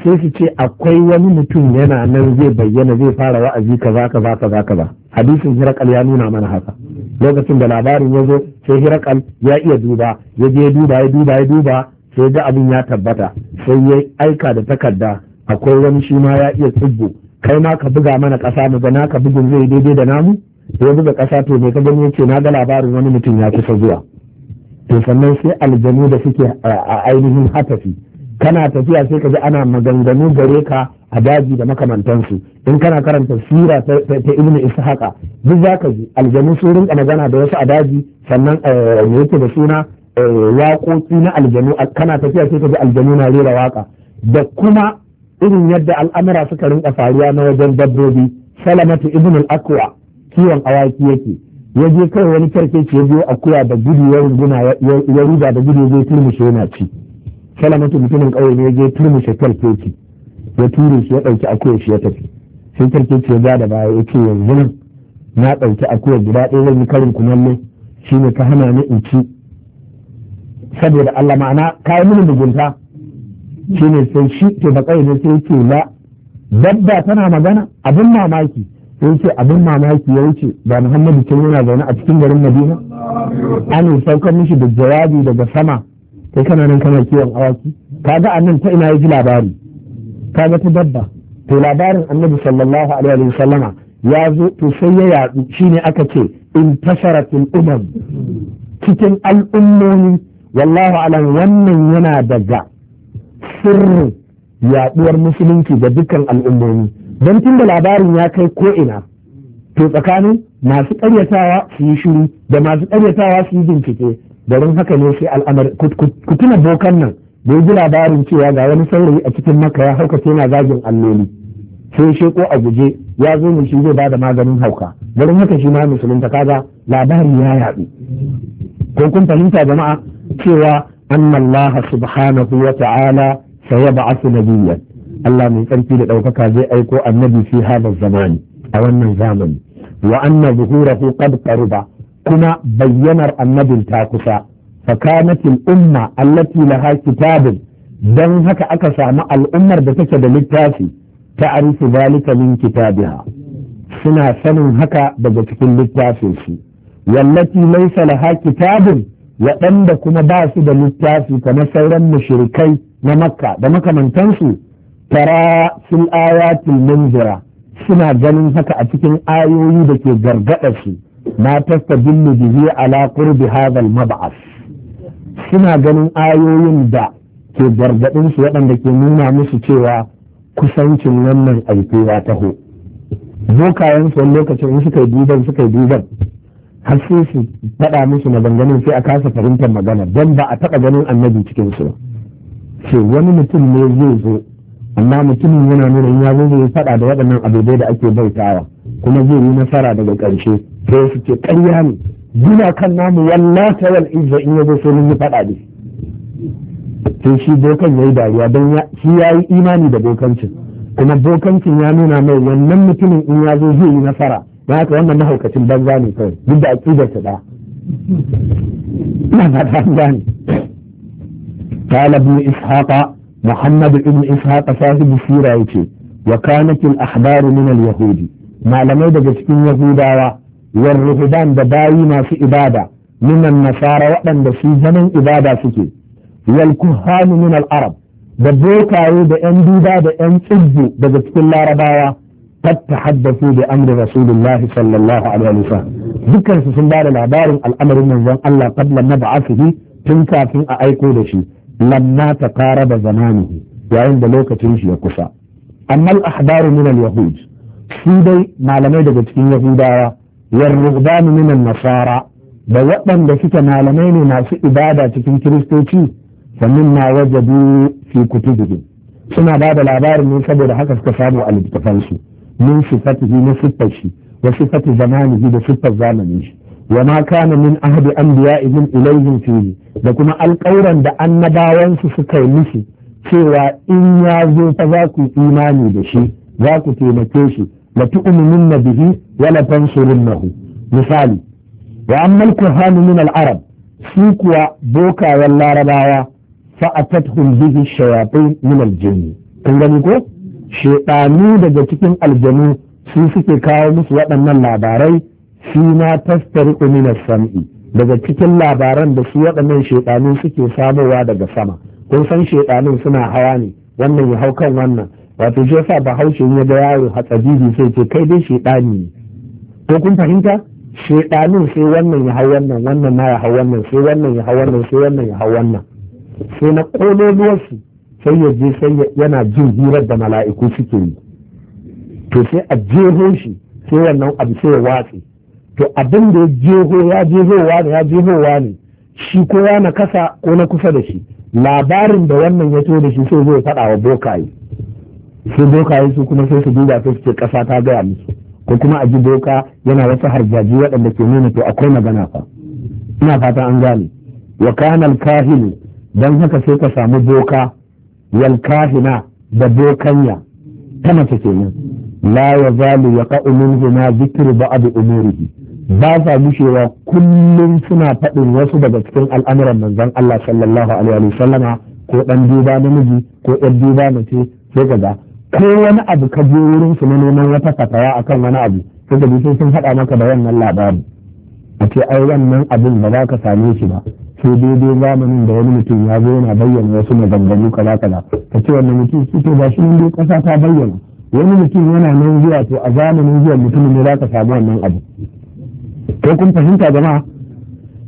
sai su ce akwai wani mutum yana nan zai bayyana zai fara wa'azi kaza kaza kaza kaza hadisin hirakal ya nuna mana haka lokacin da labarin ya zo sai hirakal ya iya duba ya je duba ya duba ya duba sai ga abin ya tabbata sai ya aika da takarda akwai wani shi ma ya iya tsibbo kai ma ka buga mana ƙasa mu na ka bugun zai daidai da namu to ya buga ƙasa to mai ka gani yace na ga labarin wani mutum ya kusa zuwa to sannan sai aljanu da suke a ainihin hatafi kana tafiya sai ka ji ana maganganu gare ka a daji da makamantansu in kana karanta sira ta ibnu ishaqa duk za ka ji aljanu sun rinka magana da wasu a daji sannan eh, me yake da suna eh, waƙoƙi na aljanu kana tafiya sai ka ji aljanu na rera waƙa da kuma irin yadda al'amura suka rinka faruwa na wajen dabbobi salamatu ibn al-aqwa kiwon awaki yake ya je kai wani kyarkeci ya biyo akuya da gudu ya ya ruda da gudu zai turmushe yana ci salamatu mutumin ƙauye ne je turmushe kyarkeci ya ture shi ya ɗauki akuyar shi ya tafi sai kyarkeci ya ja da baya ya ce yanzu nan na ɗauki akuyar guda ɗaya zan yi karin kunalle. shi ne ka hana ni in ci saboda Allah ma'ana yi mini mugunta shi ne sai shi ke bakai ne sai ce la dabba tana magana abin mamaki sai ce abin mamaki ya wuce ba Muhammadu can yana zaune a cikin garin Madina an saukar mishi da jawabi daga sama kai kana nan kana kiwon awaki kaga annan ta ina ji labari kaga ta dabba to labarin annabi sallallahu alaihi wa sallama ya zo to sai ya yadu shine aka ce in intasaratul umam cikin al'ummomi wallahu alam wannan yana daga sirrin yaduwar musulunci da dukkan al'ummomi don tun da labarin ya kai ko ina to tsakanin masu ƙaryatawa su yi shiru da masu ƙaryatawa su yi bincike garin haka ne shi al'amari ku tuna bokan nan da ji labarin cewa ga wani saurayi a cikin maka ya hauka yana zagin alloli sai shi ko a guje ya zo mu shi zai bada maganin hauka garin haka shi ma musulunta kaga labari ya yaɗu ko kun fahimta jama'a cewa annallaha subhanahu wa ta'ala sayab'athu nabiyyan Allah mai tsarki da ɗaukaka zai aiko annabi fi hada zamani a wannan zamani wa anna zuhurahu qad qaruba kuma bayyanar annabin ta kusa fakanatil umma allati laha kitabun dan haka aka samu al'ummar da take da littafi ta arifu zalika min kitabiha suna sanin haka daga cikin littafin su wallati laysa laha kitabun waɗanda kuma ba su da littafi kamar sauran mushrikai na makka da makamantansu tara fil ayatil munzira suna ganin haka a cikin ayoyi da ke gargaɗa su ma tastadillu bihi ala qurbi hadha al suna ganin ayoyin da ke gargaɗinsu waɗanda ke nuna musu cewa kusancin wannan aikewa taho bokayen su lokacin in suka yi duban suka yi duban har sai su faɗa musu na ganin sai a kasa fahimtar magana don ba a taɓa ganin annabi cikin su ce wani mutum ne zai zo amma mutumin yana nuna ya zo zai faɗa da waɗannan abubuwa da ake bautawa kuma zai yi nasara daga ƙarshe sai su ce ƙarya ne gina kan namu wallata wal izza in yazo sai mun yi faɗa ne sai shi bokan yayi dariya don shi yayi imani da bokancin kuma bokancin ya nuna mai wannan mutumin in ya zo zai yi nasara don haka wannan mahaukacin banza ne kawai duk da aƙidar ta ɗaya ina ba banza ne قال ابن إسحاق محمد ابن إسحاق صاحب السيرة يتي وكانت الأحبار من اليهود ما لم يدق cikin Yahudawa war ruhban da bayi masu ibada minan nasara waɗanda su zaman ibada suke wal kuhanu min arab da bokaye da yan duba da yan tsibbu daga cikin larabawa tatta haddafu da amri rasulullah sallallahu alaihi wasallam dukkan su sun bada labarin al'amarin manzon Allah qabla nab'athihi tun kafin a aiko da shi lamma taqaraba zamanihi yayin da lokacin shi ya kusa amma al ahbaru min yahud su dai malamai daga cikin yahudawa والرغبان من النصارى da waɗanda suke malamai ne masu ibada cikin kiristoci sannan na wajadu fi kutubihim suna bada labarin ne saboda haka suka samu a littafansu min sifatihi na siffar shi wa sifati zamanihi da siffar zamani. shi wa ma kana min ahadi anbiya'ihim ilayhim fihi da kuma alƙawuran da annabawansu suka yi musu cewa in ya zo fa za ku imani da shi za ku taimake shi la tu'minunna bihi wa la tansurunnahu misali wa amma al-kuhanu min al-arab su kuwa bokayen larabawa fa atathum bihi shayatin min al-jinn kun gani ko shedanu daga cikin aljanu su suke kawo musu waɗannan labarai shi ma tastariqu min sami daga cikin labaran da su waɗannan shedanu suke samowa daga sama kun san shedanun suna hawa ne wannan ya hau kan wannan wato shi yasa bahaushe ya ga yaro hatsabibi sai ce kai dai shaidani ne ko kun fahimta shedanin sai wannan ya hau wannan wannan na ya hau wannan sai wannan ya hau wannan sai wannan ya hau wannan sai na kololuwarsu sai ya je sai yana jin hirar da mala'iku suke yi to sai a jeho shi sai wannan abu sai ya watse to abin da ya jeho ya jehowa ne ya jehowa ne shi ko ya na kasa ko na kusa da shi labarin da wannan ya to da shi sai zai faɗa wa bokaye su bokaye su kuma sai su duba sai su ce ta gaya musu ko kuma a ji boka yana wasu harjaji waɗanda ke nuna to akwai magana fa ina fatan an gane wa kana kahilu dan haka sai ka samu boka yal kahina da bokanya ta mace kenan la yazalu yaqa'u minhu ma dhikru ba'd umurihi ba sa gushewa kullum suna faɗin wasu daga cikin al'amuran manzon Allah sallallahu alaihi wa sallama ko dan duba namiji ko yar duba mace sai kaga ko wani abu ka je wurin su na neman wata a akan wani abu sun da sai sun haɗa maka da wannan labari a ce ai wannan abin ba za ka same shi ba sai daidai zamanin da wani mutum ya zo yana bayyana wasu maganganu kaza kaza ka ce wannan mutum su ba shi ne kasa ta bayyana wani mutum yana nan zuwa to a zamanin zuwa mutumin ne za ka samu wannan abu ko kun fahimta jama'a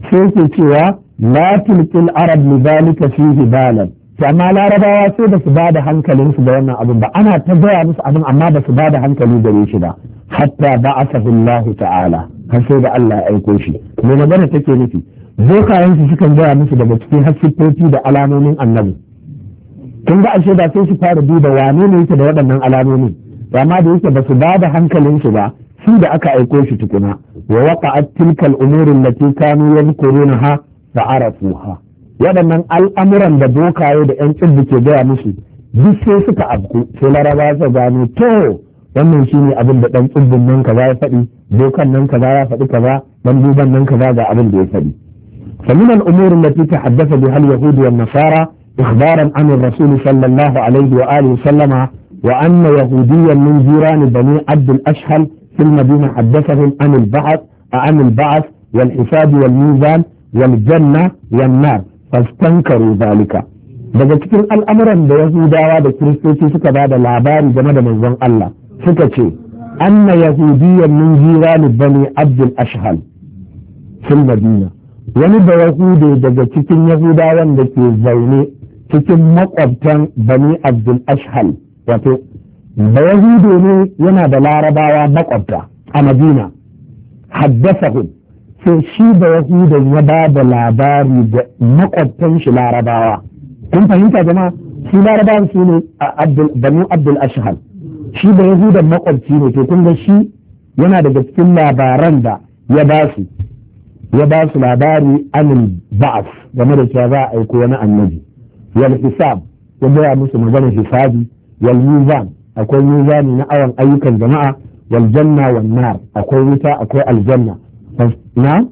sai ke cewa la tulqil arab li zalika fihi balan to amma larabawa sai ba su ba da hankalinsu da wannan abin ba ana ta gaya musu abin amma ba su ba da hankali gare shi ba hatta ba'athahu Allah ta'ala har sai da Allah ya aiko shi me magana take nufi bokayen su sukan gaya musu daga cikin hassifofi da alamomin annabi kun ga ashe ba sai su fara duba wane ne yake da waɗannan alamomin amma da yake ba su ba da hankalin su ba su da aka aiko shi tukuna wa waqa'at tilkal umuri allati kanu yadhkurunaha fa'arafuha waɗannan al’amuran da bokaye da ‘yan tsibbi ke gaya musu duk sai suka abku sai laraba su gano to wannan shi ne abin da ɗan tsibbin nan kaza ya faɗi bokan nan kaza ya faɗi kaza ban duban nan kaza ga abin da ya faɗi. Saminan umurin da ta haddasa bi hal yahudi wa nasara ikhbaran an rasul sallallahu alaihi wa sallama wa anna yahudiyyan min jiran bani abd al ashhal fi al madina haddathahum an al ba'th an al ba'th wal hisab wal janna wal fastankaru zalika daga cikin al'amuran da yahudawa da kiristoci suka ba da labari game da manzon Allah suka ce anna yahudiyyan min jirani bani abdul ashhal fil madina wani da yahude daga cikin yahudawan da ke zaune cikin makwabtan bani abdul ashhal wato da yahude ne yana da larabawa makwabta a madina haddasa to shi da ya ba da labari da makwabtan shi larabawa kun fahimta jama'a shi larabawa su ne a banu abdul ashhal shi da yahudan makwabci ne to kun ga shi yana daga cikin labaran da ya ba su ya ba su labari anil ba'as game da cewa za a aiko wani annabi wal hisab ya gaya musu maganar hisabi wal mizan akwai mizani na awon ayyukan jama'a wal janna wan nar akwai wuta akwai aljanna na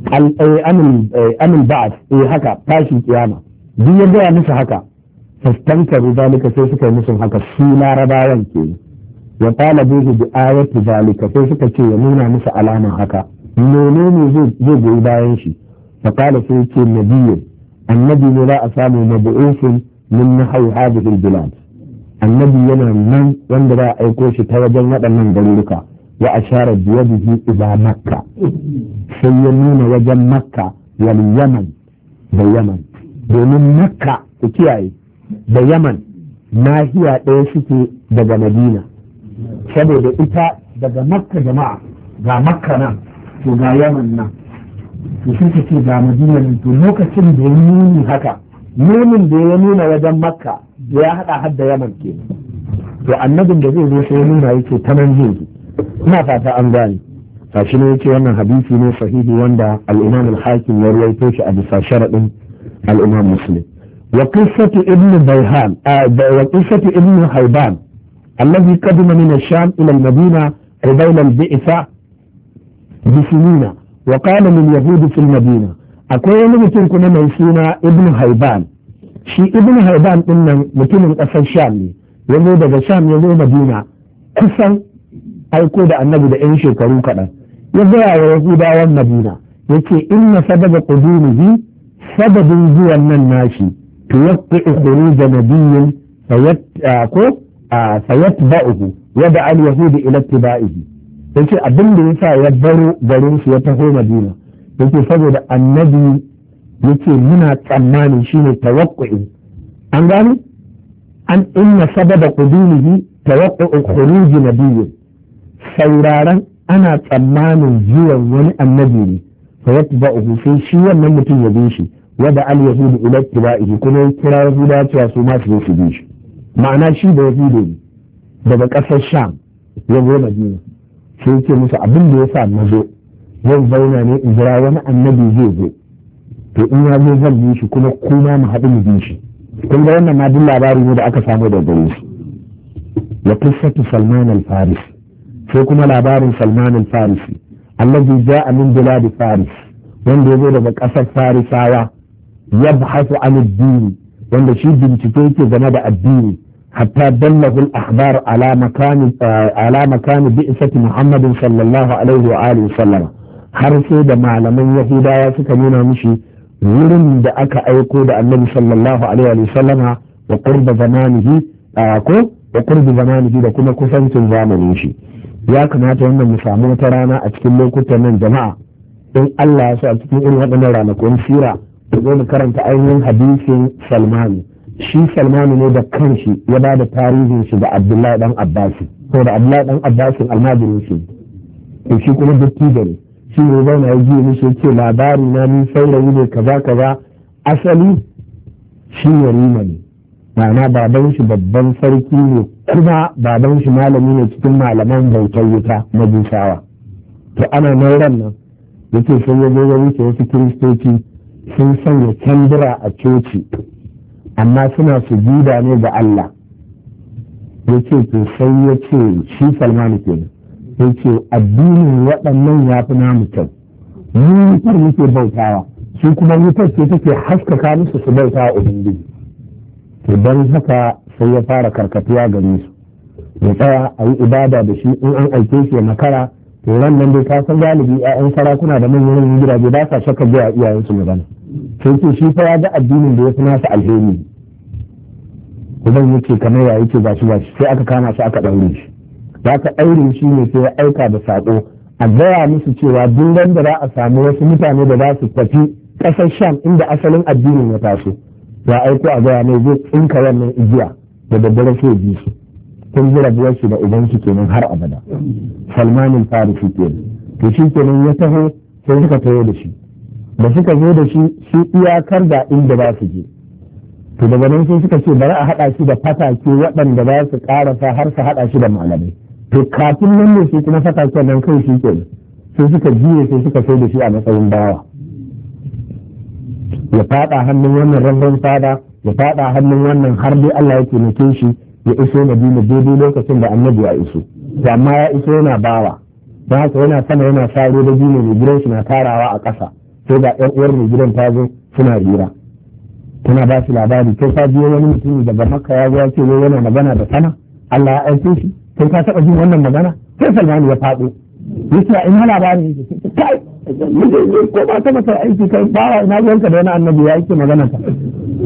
eh, eh, amin ba'ad eh haka tashin kiyama duk ya gaya musu haka fastankaru zalika sai suka yi musu haka su larabawan ke ya talabu bi ayati zalika sai suka ce ya nuna musu alaman haka ne zai goyi bayan shi faƙala sai ce nabiyin annabi ne za a samu mabu'ufin min na hau hadihil annabi yana nan wanda za a aiko shi ta wajen waɗannan garuruka wa ashara biyadihi ila makka sai ya nuna wajen makka wal yaman da yaman domin makka ku kiyaye da yaman na nahiya ɗaya suke daga madina saboda ita daga makka jama'a ga makka nan to ga yaman nan to sun ce ga madina nan to lokacin da ya nuni haka nunin da ya nuna wajen makka ya haɗa hadda yaman ke to annabin da zai zo sai ya nuna yake ta nan na fata an gane kashi ne yake wannan hadisi ne sahihi wanda al-imam al-hakim ya ruwaito shi a bisa sharadin al-imam muslim wa qissatu ibn bayhan wa qissatu ibn hayban alladhi qadima min ash-sham ila al-madina قبيل البئفة بسنين وقال لليهود في المدينة akwai wani mutum kuma mai suna ibn haiban shi ibn haiban din nan mutumin ƙasar sham ne ya zo daga sham ya zo madina kusan aiko da annabi da yan shekaru kaɗan ya gaya wa yahudawan madina ya ce inna sababa qudumihi sababin zuwan nan nashi to tuwaqqi'u khuruj nabiyyin ko fayatba'uhu yada al yahudi ila tibaihi yace abin da yasa ya baro garin shi ya taho madina ce saboda annabi ya ce muna tsammani shine tawaqqi'u an gano an inna sababa qudumihi tawaqqi'u khuruj nabiyyin sauraron ana tsammanin zuwan wani annabi ne fa yatba'uhu sai shi wannan mutum ya bi shi wada al yahudu ila ittiba'ihi kuma ya kira yahuda cewa su ma su su bi shi ma'ana shi da yahudu ne daga ƙasar sham ya zo madina sai yake musu abin da ya sa na zo zan zauna ne in jira wani annabi zai zo to in ya zo zan bi shi kuma kuma mu haɗu mu bi shi kun ga wannan ma duk labari ne da aka samu daga gare shi wa qissatu salman al-faris sai kuma labarin salman al-farisi allazi ja'a min bilad faris wanda ya zo daga kasar farisawa yabhasu an ad-din wanda shi bincike yake game da addini hatta dallahu al-akhbar ala makan ala makan bi'sati muhammadin sallallahu alaihi wa alihi sallam har sai da malaman yahudawa suka nuna mishi wurin da aka aiko da annabi sallallahu alaihi wa sallama wa qurba zamanihi ko da kuma kusancin zamanin shi ya kamata wannan mu samu wata rana a cikin lokutan nan jama'a in Allah ya sa a cikin irin waɗannan ranakun sira da zo mu karanta ainihin hadisin Salmani shi Salmani ne da kanshi ya ba da tarihin shi da Abdullahi dan Abbasi ko da Abdullahi dan Abbasin almajirin shi to shi kuma dattijo shi ne zauna ya ji mishi yake labari na ni saurayi ne kaza kaza asali shi ne rima ne ma'ana baban shi babban sarki ne kuma baban shi malami ne cikin malaman bautar wuta majisawa to ana nan ran nan yake sun yi ya wuce wasu kiristoci sun sanya kyandira a coci amma suna sujuda ne ga Allah yace to sai ce shi Salman kenan yace addinin waɗannan ya fi namu kyau mu wutar muke bautawa su kuma wutar ce take haskaka musu su bautawa ubangiji to don haka sai ya fara karkatuwa gare su ya tsaya a yi ibada da shi in an aike shi ya makara to nan dai ka san galibi 'ya'yan sarakuna da manyan gidaje ba sa shakka zuwa iyayensu magana sai ce shi fa ya ga addinin da ya fi nasa alheri uban yake kamar ya yake gashi gashi sai aka kama shi aka ɗaure shi za aka ɗaure shi ne sai ya aika da saƙo a gaya musu cewa duk da za a samu wasu mutane da za su tafi ƙasar sham inda asalin addinin ya taso ya aiko a gaya mai zai tsinka wannan igiya da daddare sai ji su kun ji rabuwar shi da uban shi kenan har abada salmanin al-farisi kenan to shi kenan ya taho sai suka taho da shi da suka zo da shi shi iyakar da inda za su je to daga nan sai suka ce bari a haɗa shi da fatake waɗanda za su ƙarasa har su haɗa shi da malamai to kafin nan ne shi kuma fataken nan kai shi kenan sai suka jiye sai suka sai da shi a matsayin bawa ya faɗa hannun wannan rangon fada ya faɗa hannun wannan har dai Allah ya taimake shi ya iso madina daidai lokacin da annabi ya iso to amma ya iso yana bawa don haka yana sama yana saro da jini mai gidan shi na tarawa a ƙasa sai ga ɗan uwar mai gidan ta zo suna hira tana ba labari kai ka biyo wani mutumi daga makka ya zo ya ce yana magana da sana Allah ya aike shi kai ka taɓa jin wannan magana sai salmani ya faɗo yake ina labari kai ko ba ta masa aiki kai ba ina ruwanka da wani annabi ya yake magana ta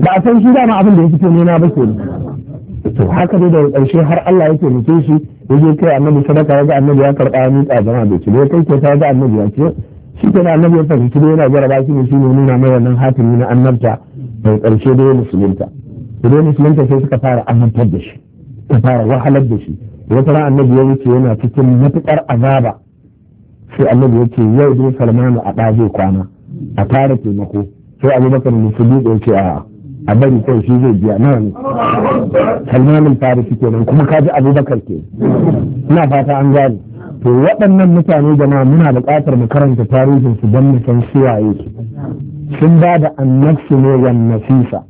ba a san shi dama abin da ya fito nema ba ke to haka dai daga ƙarshe har Allah yake nufe shi ya je kai annabi sadaka ga annabi ya karɓa ya miƙa da shi. ci kai ke ta ga annabi ya ce shi annabi ya fahimci dai yana jaraba shi ne shi ne nuna mai wannan hatimi na annabta da ƙarshe dai musulunta to dai musulunta sai suka fara annabtar da shi ta fara wahalar da shi wata ran annabi ya wuce yana cikin matuƙar azaba sai annabi ya ce yau dai salmanu a ɗa zai kwana a fara taimako sai abubakar musulmi ɗauke a a bari kai shi zai biya nawa ne kalmanin farisi kenan kuma ka ji abubakar ke ina fata an gane to waɗannan mutane jama'a muna buƙatar mu karanta tarihin su don mu san sun ba da annabsu ne wan nafisa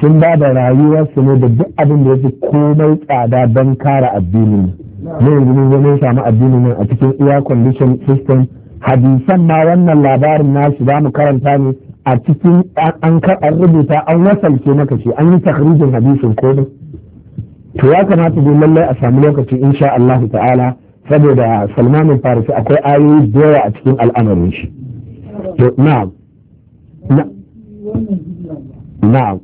sun ba da rayuwarsu ne da duk abin da ya fi komai tsada don kare addinin ne yanzu mun zama samu addinin a cikin air condition system hadisan ma wannan labarin nasu za mu karanta ne a cikin an an rubuta an wasalke maka shi an yi takrijin hadisin ko ne to ya kamata dai lallai a samu lokaci insha Allah ta'ala saboda Salman Farisi akwai ayoyi da a cikin al'amarin shi to na'am na'am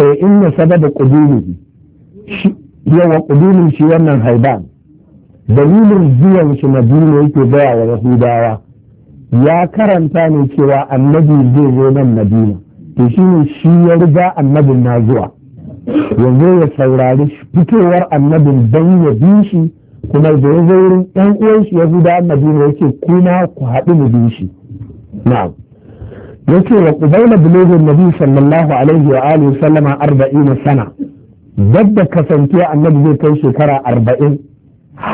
eh inna sababa qudumi shi yawa qudumin shi wannan haiban dalilin zuwan shi madina yake baya wa yahudawa ya karanta ne cewa annabi zai zo nan madina to shi ne shi ya riga annabin na zuwa yanzu ya saurari fitowar annabin don ya bi shi kuma da ya zo wurin ɗan uwan shi yahuda ya yake kuma ku haɗu mu bi shi na'am yace wa qubayla na nabi sallallahu alaihi wa alihi sallama na sana dabba kasance annabi zai kai shekara arba'in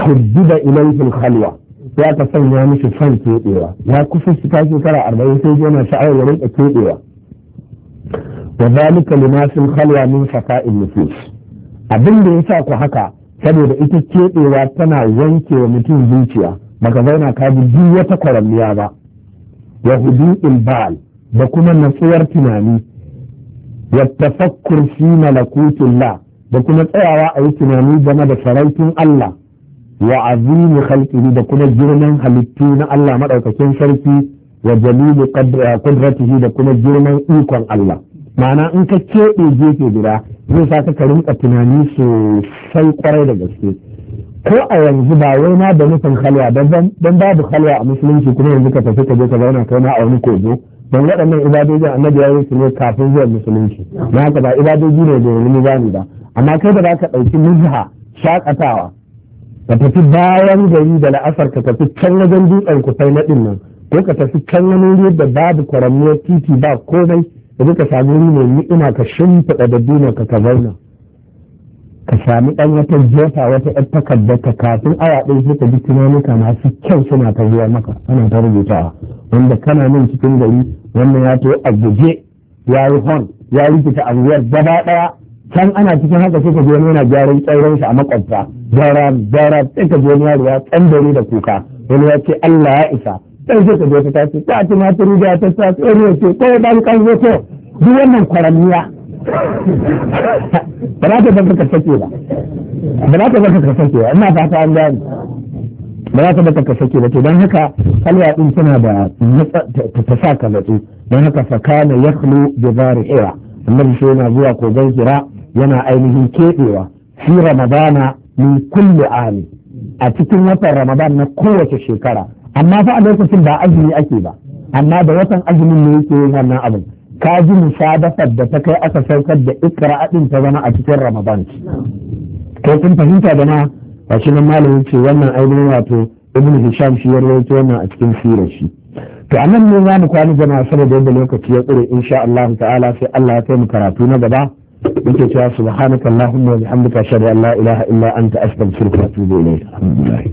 hujjida da ilaihin khalwa sai aka sanya mishi son keɓewa ya kusa shi ta shekara arba'in sai yana sha'awar ya rinka keɓewa wa zalika limasin sun khalwa min faka'in nufus abin da ya sa ku haka saboda ita keɓewa tana wanke wa mutum zuciya baka zauna ka bi duk wata kwaramniya ba wa hudu'il ba'al da kuma natsuwar tunani wa tafakkur fi malakutillah da kuma tsayawa a yi tunani game da sarautun Allah wa azimi khalqihi da kuma girman halittu na Allah madaukakin sarki wa jalilu qudratihi da kuma girman ikon Allah ma'ana in ka keɓe gefe guda zai sa ka rinka tunani sosai kwarai da gaske ko a yanzu ba wai na da nufin halwa don babu halwa a musulunci kuma yanzu ka tafi ka je ka zauna kai na a wani kogo don waɗannan ibadoji annabi ya yi su ne kafin zuwa musulunci na haka ba ibadoji ne da wani ba amma kai da za ka ɗauki mizha shakatawa ka tafi bayan gari da la'asar ka tafi can wajen dutsen kusai na nan ko ka tafi can wani wuri da babu kwaramniyar titi ba komai da duka sami wuri mai ni'ima ka shimfiɗa da dina ka ka zauna ka sami ɗan wata jefa wata ɗan takarda ka kafin awa ɗin sai ka ji tunanuka masu kyau suna ta zuwa maka ana ta rubutawa wanda kana nan cikin gari wannan ya to a guje ya yi hon ya rikita anguwar gaba ɗaya can ana cikin haka sai ka wani yana gyaran tsauran shi a makwabta gyara gyara sai ka wani yaro ya tsandare da kuka wani ya ce Allah ya isa sai sai ka je ta tashi ta tumaturu da ta sa tsoro ya ce kai ba ka zo to duk wannan kwaranniya ba za ta baka kasance ba ba za ta baka kasance ba ina fata an gani ba za ta baka kasance ba to don haka halwa din suna da ta sa ka natsu don haka fakana yakhlu bi bari'ira amma shi yana zuwa kogon kira yana ainihin keɓewa fi ramadana min kulli ani a cikin watan ramadan na kowace shekara amma fa a lokacin ba azumi ake ba amma da watan azumin ne yake yin wannan abin ka ji musabafar da ta kai aka saukar da ikra din ta zama a cikin ramadan kai kun fahimta da na ba shi nan malamin ce wannan ainihin wato ibnu hisham shi ya rawaito wannan a cikin sirar shi to anan ne za mu kwana jama'a saboda yadda lokaci ya tsire insha Allah ta'ala sai Allah ya kai mu karatu na gaba muke cewa subhanakallahumma wa bihamdika ashhadu an la ilaha illa anta astaghfiruka wa atubu ilayk alhamdulillah